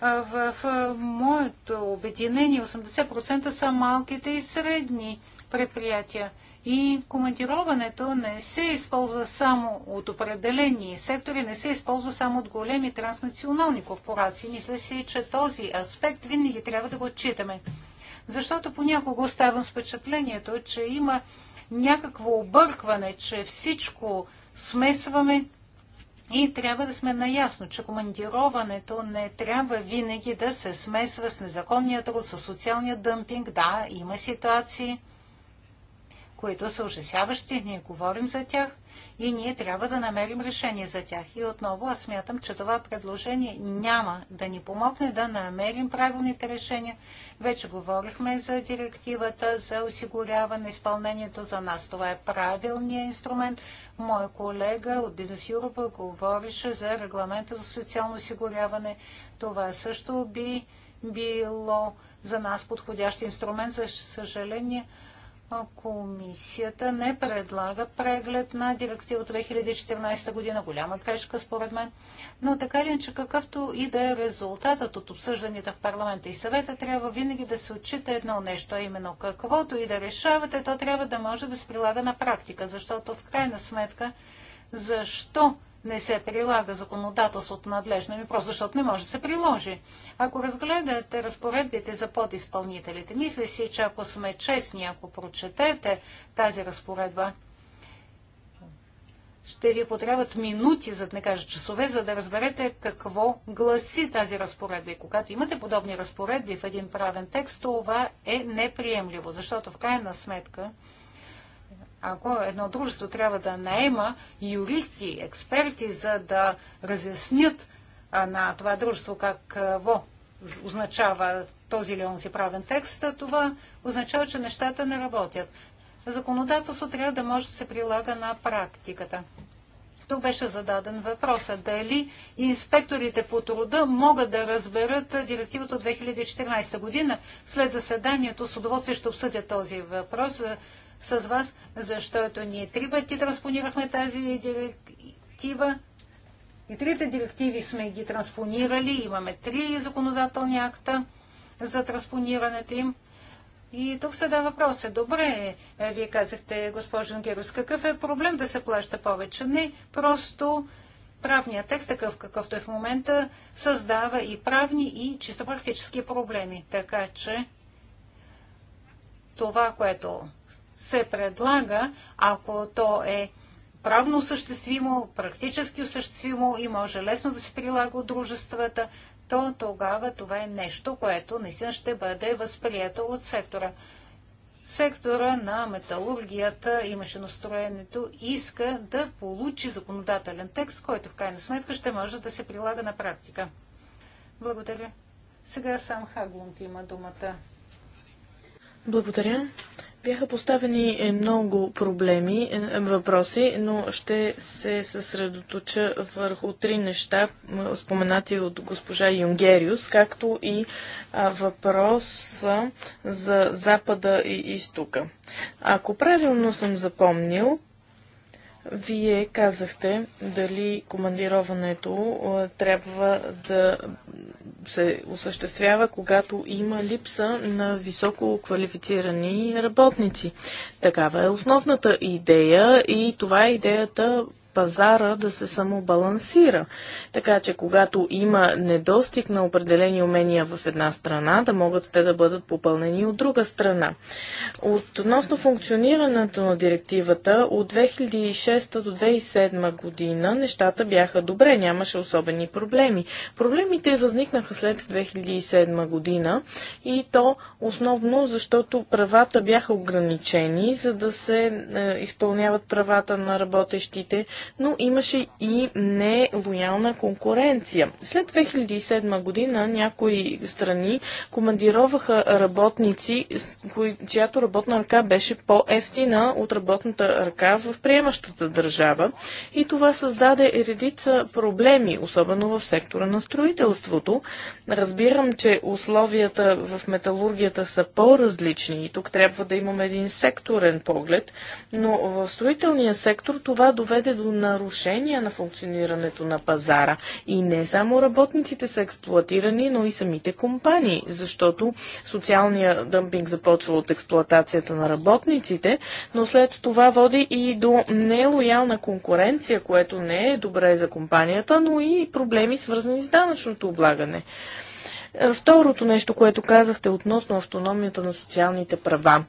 В моето обединение 80% са малките и средни предприятия. И командироването не се използва само от определени сектори, не се използва само от големи транснационални корпорации. Мисля си, че този аспект винаги трябва да го отчитаме. Защото понякога оставам с впечатлението, че има някакво объркване, че всичко смесваме и трябва да сме наясно, че командироването не трябва винаги да се смесва с незаконния труд, с социалния дъмпинг. Да, има ситуации, които са ужасяващи, ние говорим за тях – и ние трябва да намерим решение за тях. И отново аз смятам, че това предложение няма да ни помогне да намерим правилните решения. Вече говорихме за директивата за осигуряване на изпълнението за нас. Това е правилният инструмент. Мой колега от Бизнес Европа говорише за регламента за социално осигуряване. Това също би било за нас подходящ инструмент. За съжаление, комисията не предлага преглед на директива 2014 година. Голяма грешка, според мен. Но така ли, че какъвто и да е резултатът от обсъжданията в парламента и съвета, трябва винаги да се отчита едно нещо, а именно каквото и да решавате, то трябва да може да се прилага на практика, защото в крайна сметка, защо не се прилага законодателството надлежно, ми просто защото не може да се приложи. Ако разгледате разпоредбите за подизпълнителите, мисля си, че ако сме честни, ако прочетете тази разпоредба, ще ви потребват минути, за да не кажа часове, за да разберете какво гласи тази разпоредба. И когато имате подобни разпоредби в един правен текст, това е неприемливо, защото в крайна сметка ако едно дружество трябва да наема юристи, експерти, за да разяснят на това дружество какво означава този ли он си правен текст, това означава, че нещата не работят. Законодателство трябва да може да се прилага на практиката. Тук беше зададен въпросът дали инспекторите по труда могат да разберат директивата от 2014 година. След заседанието с удоволствие ще обсъдя този въпрос с вас, защото ние три пъти транспонирахме тази директива. И трите директиви сме ги транспонирали. Имаме три законодателни акта за транспонирането им. И тук се дава въпрос. Е, добре, вие казахте, госпожо Герус, какъв е проблем да се плаща повече? Не, просто правният текст, такъв какъвто е в момента, създава и правни, и чисто практически проблеми. Така че това, което се предлага, ако то е правно осъществимо, практически осъществимо и може лесно да се прилага от дружествата, то тогава това е нещо, което наистина ще бъде възприето от сектора. Сектора на металургията и машиностроенето иска да получи законодателен текст, който в крайна сметка ще може да се прилага на практика. Благодаря. Сега сам Хаглунд има думата. Благодаря. Бяха поставени е, много проблеми, е, въпроси, но ще се съсредоточа върху три неща, споменати от госпожа Юнгериус, както и въпроса за Запада и Изтока. Ако правилно съм запомнил, вие казахте дали командироването трябва да се осъществява, когато има липса на високо квалифицирани работници. Такава е основната идея и това е идеята пазара да се самобалансира. Така че, когато има недостиг на определени умения в една страна, да могат те да бъдат попълнени от друга страна. Относно функционирането на директивата, от 2006 до 2007 година нещата бяха добре, нямаше особени проблеми. Проблемите възникнаха след 2007 година и то основно защото правата бяха ограничени, за да се е, изпълняват правата на работещите, но имаше и нелоялна конкуренция. След 2007 година някои страни командироваха работници, чиято работна ръка беше по-ефтина от работната ръка в приемащата държава и това създаде редица проблеми, особено в сектора на строителството, Разбирам, че условията в металургията са по-различни и тук трябва да имаме един секторен поглед, но в строителния сектор това доведе до нарушения на функционирането на пазара. И не само работниците са експлуатирани, но и самите компании, защото социалният дъмпинг започва от експлуатацията на работниците, но след това води и до нелоялна конкуренция, което не е добре за компанията, но и проблеми свързани с данъчното облагане. Е, второто нещо, което казахте относно автономията на социалните права,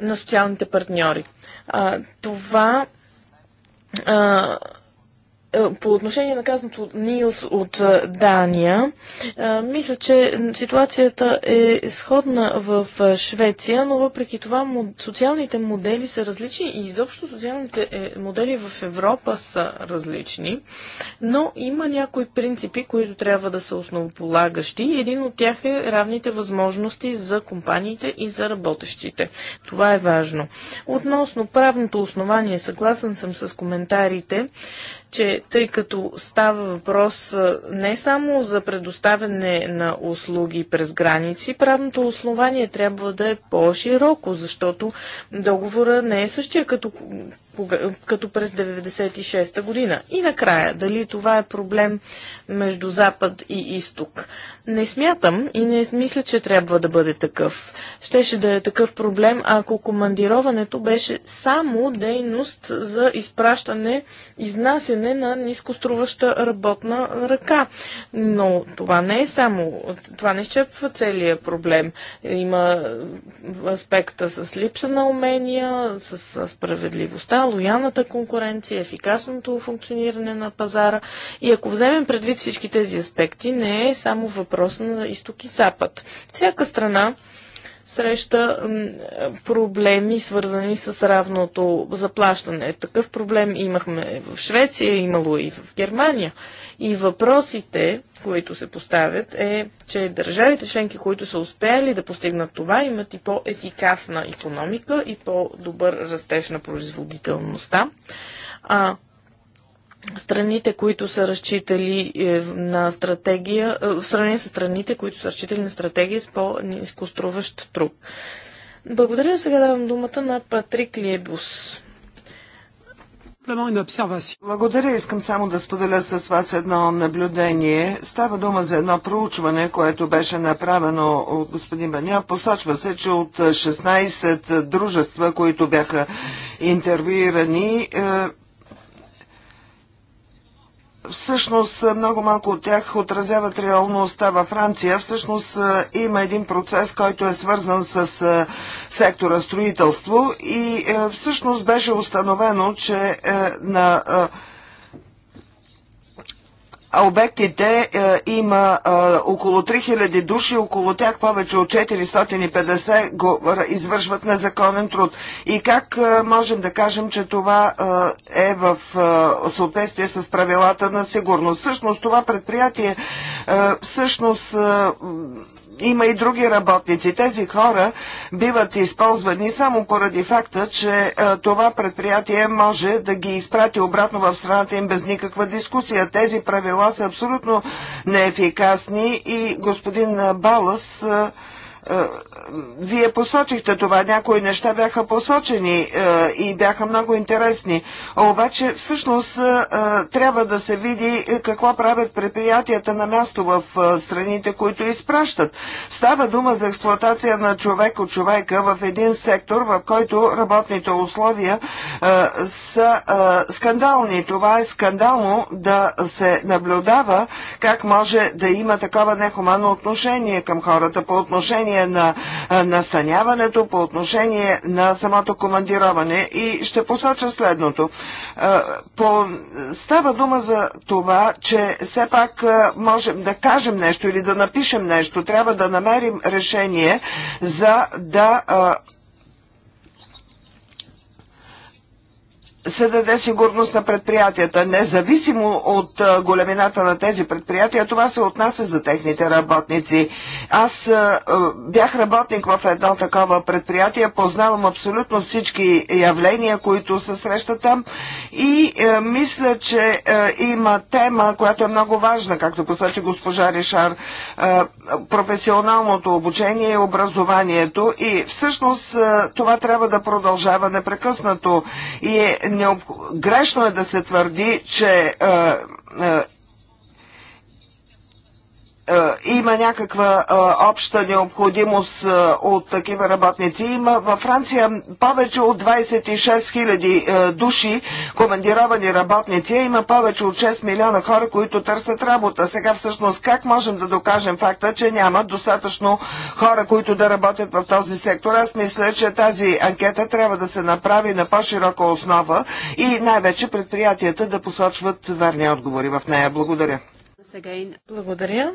на социалните партньори. Това е, по отношение на казаното Нилс от е, Дания, е, мисля, че ситуацията е сходна в Швеция, но въпреки това социалните модели са различни и изобщо социалните модели в Европа са различни, но има някои принципи, които трябва да са основополагащи. Един от тях е равните възможности за компаниите и за работещите. Това е важно. Относно правното основание, съгласен съм с коментарите, че тъй като става въпрос не само за предоставяне на услуги през граници, правното основание трябва да е по-широко, защото договора не е същия като като през 96-та година. И накрая, дали това е проблем между Запад и Изток? Не смятам и не мисля, че трябва да бъде такъв. Щеше да е такъв проблем, ако командироването беше само дейност за изпращане, изнасяне на нискоструваща работна ръка. Но това не е само, това не изчепва целият проблем. Има аспекта с липса на умения, с справедливостта лоялната конкуренция, ефикасното функциониране на пазара. И ако вземем предвид всички тези аспекти, не е само въпрос на изток и запад. Всяка страна среща проблеми, свързани с равното заплащане. Такъв проблем имахме в Швеция, имало и в Германия. И въпросите, които се поставят, е, че държавите членки, които са успели да постигнат това, имат и по-ефикасна економика и по-добър растеж на производителността. А страните, които са разчитали е, на стратегия, е, в сравнение с страните, които са разчитали на стратегия с по-низкоструващ труд. Благодаря. Сега давам думата на Патрик Лебус. Благодаря. Искам само да споделя с вас едно наблюдение. Става дума за едно проучване, което беше направено от господин Баня. Посочва се, че от 16 дружества, които бяха интервюирани, е, Всъщност много малко от тях отразяват реалността във Франция. Всъщност има един процес, който е свързан с сектора строителство и всъщност беше установено, че на обектите е, има е, около 3000 души, около тях повече от 450 го извършват незаконен труд. И как е, можем да кажем, че това е, е в е, съответствие с правилата на сигурност? Всъщност това предприятие е, всъщност има и други работници. Тези хора биват използвани само поради факта, че е, това предприятие може да ги изпрати обратно в страната им без никаква дискусия. Тези правила са абсолютно неефикасни и господин Балас е, е, вие посочихте това, някои неща бяха посочени е, и бяха много интересни, обаче всъщност е, трябва да се види какво правят предприятията на място в страните, които изпращат. Става дума за експлуатация на човек от човека в един сектор, в който работните условия са скандални. Това е скандално да се наблюдава как може да има такова нехуманно отношение към хората по отношение отношение на настаняването, по отношение на самото командироване. И ще посоча следното. По... Става дума за това, че все пак можем да кажем нещо или да напишем нещо. Трябва да намерим решение за да се даде сигурност на предприятията. Независимо от големината на тези предприятия, това се отнася за техните работници. Аз бях работник в едно такова предприятие, познавам абсолютно всички явления, които се срещат там и мисля, че има тема, която е много важна, както посочи госпожа Ришар, професионалното обучение и образованието и всъщност това трябва да продължава непрекъснато и е Грешно е да се твърди, че е, е, е, има някаква а, е, обща необходимост а, е, от такива работници. Има във Франция повече от 26 000 а, души командировани работници, има повече от 6 милиона хора, които търсят работа. Сега всъщност как можем да докажем факта, че няма достатъчно хора, които да работят в този сектор? Аз мисля, че тази анкета трябва да се направи на по-широка основа и най-вече предприятията да посочват верни отговори в нея. Благодаря. Благодаря.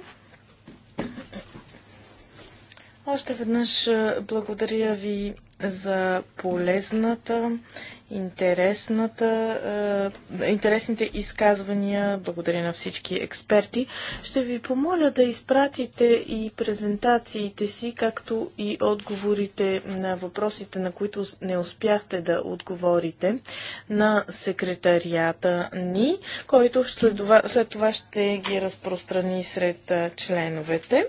Още веднъж благодаря ви за полезната интересната, е, интересните изказвания. Благодаря на всички експерти. Ще ви помоля да изпратите и презентациите си, както и отговорите на въпросите, на които не успяхте да отговорите на секретарията ни, който след това, след това ще ги разпространи сред е, членовете.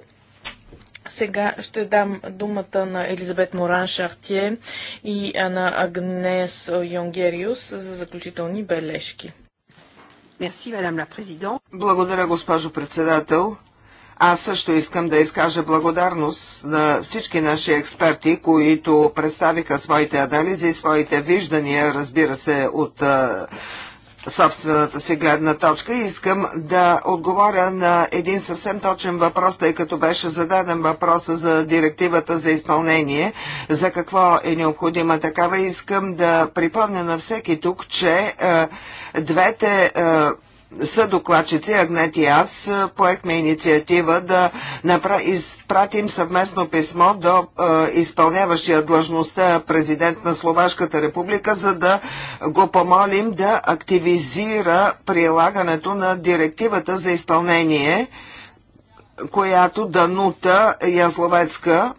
Сега ще дам думата на Елизабет Моран Шартие и на Агнес Йонгериус за заключителни бележки. Благодаря, госпожо председател. Аз също искам да изкажа благодарност на всички наши експерти, които представиха своите анализи, своите виждания, разбира се, от собствената си гледна точка. Искам да отговоря на един съвсем точен въпрос, тъй като беше зададен въпроса за директивата за изпълнение, за какво е необходима такава. Искам да припомня на всеки тук, че е, двете е, съдокладчици Агнет и аз поехме инициатива да напра... изпратим съвместно писмо до е, изпълняващия длъжността президент на Словашката република, за да го помолим да активизира прилагането на директивата за изпълнение, която Данута Язловецка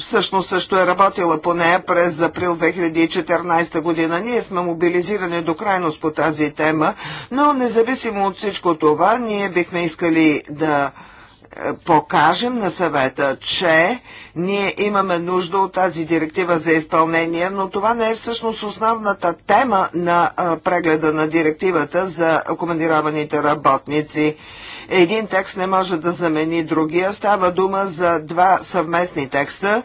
всъщност също е работила по нея през април 2014 година. Ние сме мобилизирани до крайност по тази тема, но независимо от всичко това, ние бихме искали да е, покажем на съвета, че ние имаме нужда от тази директива за изпълнение, но това не е всъщност основната тема на е, прегледа на директивата за командированите работници един текст не може да замени другия. Става дума за два съвместни текста,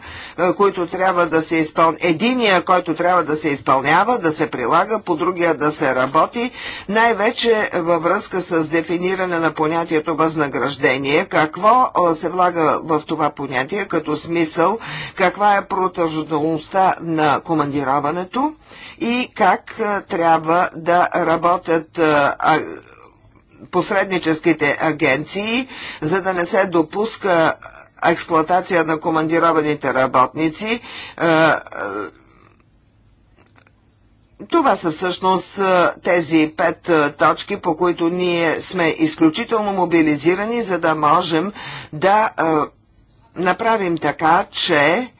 които трябва да се изпълняват. Единия, който трябва да се изпълнява, да се прилага, по другия да се работи, най-вече във връзка с дефиниране на понятието възнаграждение. Какво се влага в това понятие като смисъл, каква е протъжността на командироването и как трябва да работят посредническите агенции, за да не се допуска експлоатация на командированите работници. Е, е, това са всъщност е, тези пет точки, по които ние сме изключително мобилизирани, за да можем да направим така, че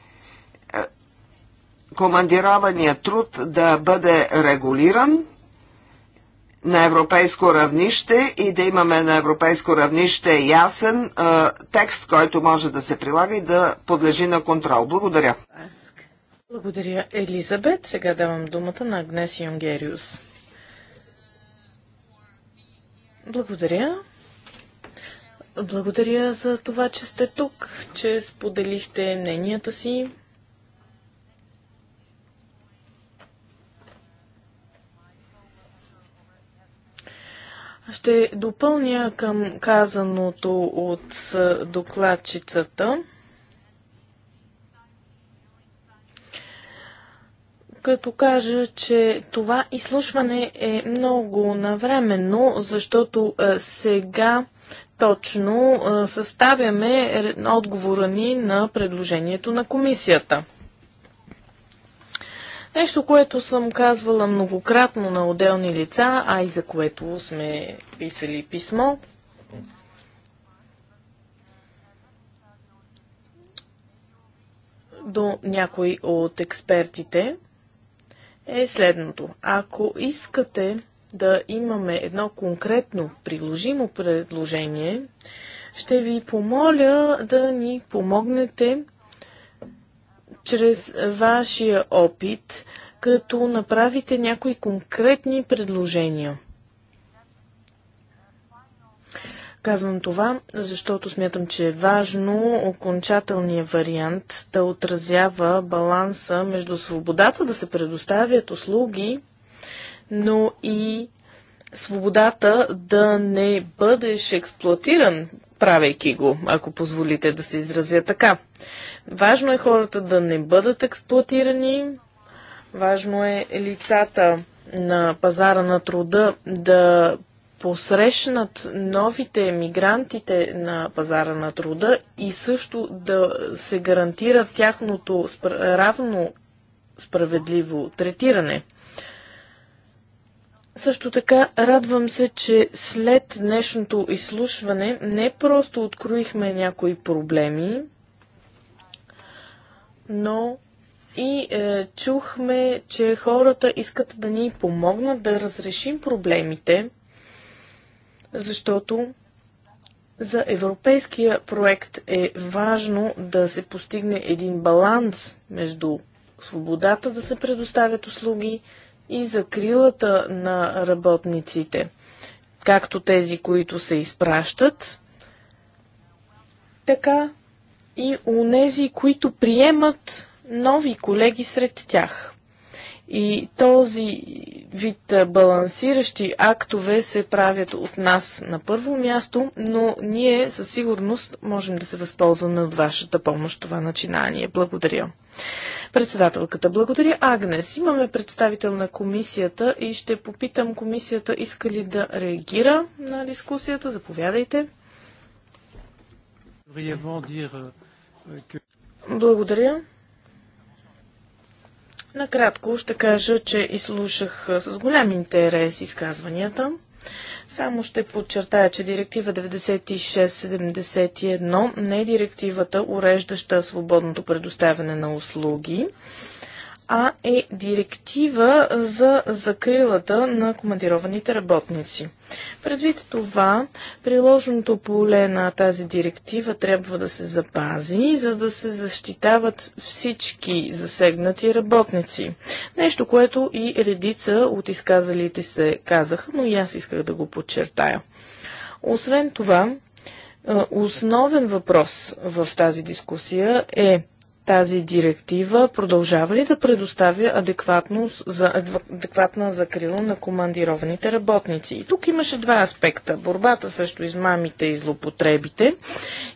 командирования труд да бъде регулиран на европейско равнище и да имаме на европейско равнище ясен а, текст, който може да се прилага и да подлежи на контрол. Благодаря. Благодаря, Елизабет. Сега давам думата на Агнес Юнгериус. Благодаря. Благодаря за това, че сте тук, че споделихте мненията си. Ще допълня към казаното от докладчицата. като кажа, че това изслушване е много навременно, защото сега точно съставяме отговора ни на предложението на комисията. Нещо, което съм казвала многократно на отделни лица, а и за което сме писали писмо. до някой от експертите е следното. Ако искате да имаме едно конкретно приложимо предложение, ще ви помоля да ни помогнете чрез вашия опит, като направите някои конкретни предложения. Казвам това, защото смятам, че е важно окончателният вариант да отразява баланса между свободата да се предоставят услуги, но и свободата да не бъдеш експлуатиран, правейки го, ако позволите да се изразя така. Важно е хората да не бъдат експлуатирани, важно е лицата на пазара на труда да посрещнат новите мигрантите на пазара на труда и също да се гарантира тяхното равно справедливо третиране. Също така радвам се, че след днешното изслушване не просто откроихме някои проблеми, но и е, чухме, че хората искат да ни помогнат да разрешим проблемите, защото за европейския проект е важно да се постигне един баланс между свободата да се предоставят услуги и закрилата на работниците, както тези, които се изпращат, така и унези, които приемат нови колеги сред тях. И този вид балансиращи актове се правят от нас на първо място, но ние със сигурност можем да се възползваме от вашата помощ това начинание. Благодаря. Председателката, благодаря. Агнес, имаме представител на комисията и ще попитам комисията иска ли да реагира на дискусията. Заповядайте. Благодаря. Накратко ще кажа, че изслушах с голям интерес изказванията. Само ще подчертая, че директива 9671 не е директивата, уреждаща свободното предоставяне на услуги а е директива за закрилата на командированите работници. Предвид това, приложеното поле на тази директива трябва да се запази, за да се защитават всички засегнати работници. Нещо, което и редица от изказалите се казаха, но и аз исках да го подчертая. Освен това, основен въпрос в тази дискусия е тази директива продължава ли да предоставя за, адекватна закрила на командированите работници? И тук имаше два аспекта. Борбата срещу измамите и злопотребите.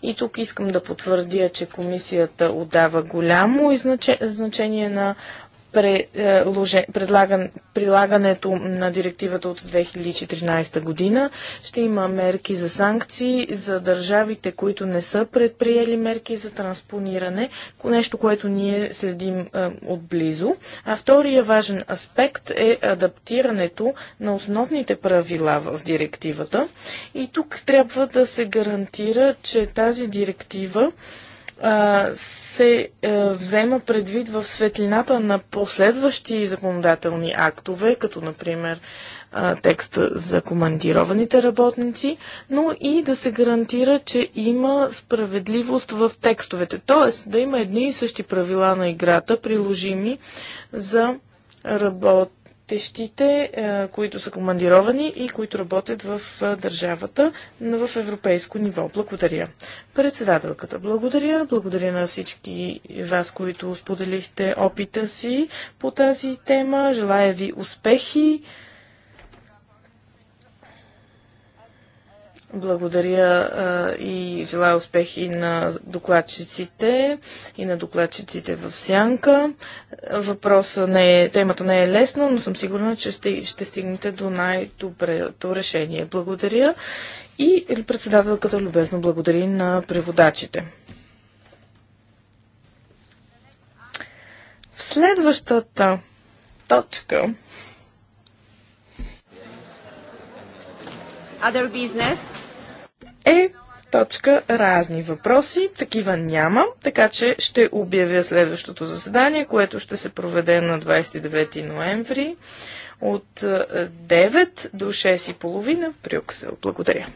И тук искам да потвърдя, че комисията отдава голямо значение на е, прилагането на директивата от 2014 година. Ще има мерки за санкции за държавите, които не са предприели мерки за транспониране, нещо, което ние следим е, отблизо. А втория важен аспект е адаптирането на основните правила в директивата. И тук трябва да се гарантира, че тази директива се взема предвид в светлината на последващи законодателни актове, като например текста за командированите работници, но и да се гарантира, че има справедливост в текстовете. Тоест да има едни и същи правила на играта, приложими за работ работещите, е, които са командировани и които работят в е, държавата в европейско ниво. Благодаря. Председателката, благодаря. Благодаря на всички вас, които споделихте опита си по тази тема. Желая ви успехи. Благодаря и желая успехи на докладчиците и на докладчиците в Сянка. Въпроса не е, темата не е лесна, но съм сигурна, че ще, ще стигнете до най-доброто решение. Благодаря и председателката любезно благодари на преводачите. В следващата точка Other business. Е точка разни въпроси. Такива няма, така че ще обявя следващото заседание, което ще се проведе на 29 ноември от 9 е, до 6.30 в Брюксел. Благодаря.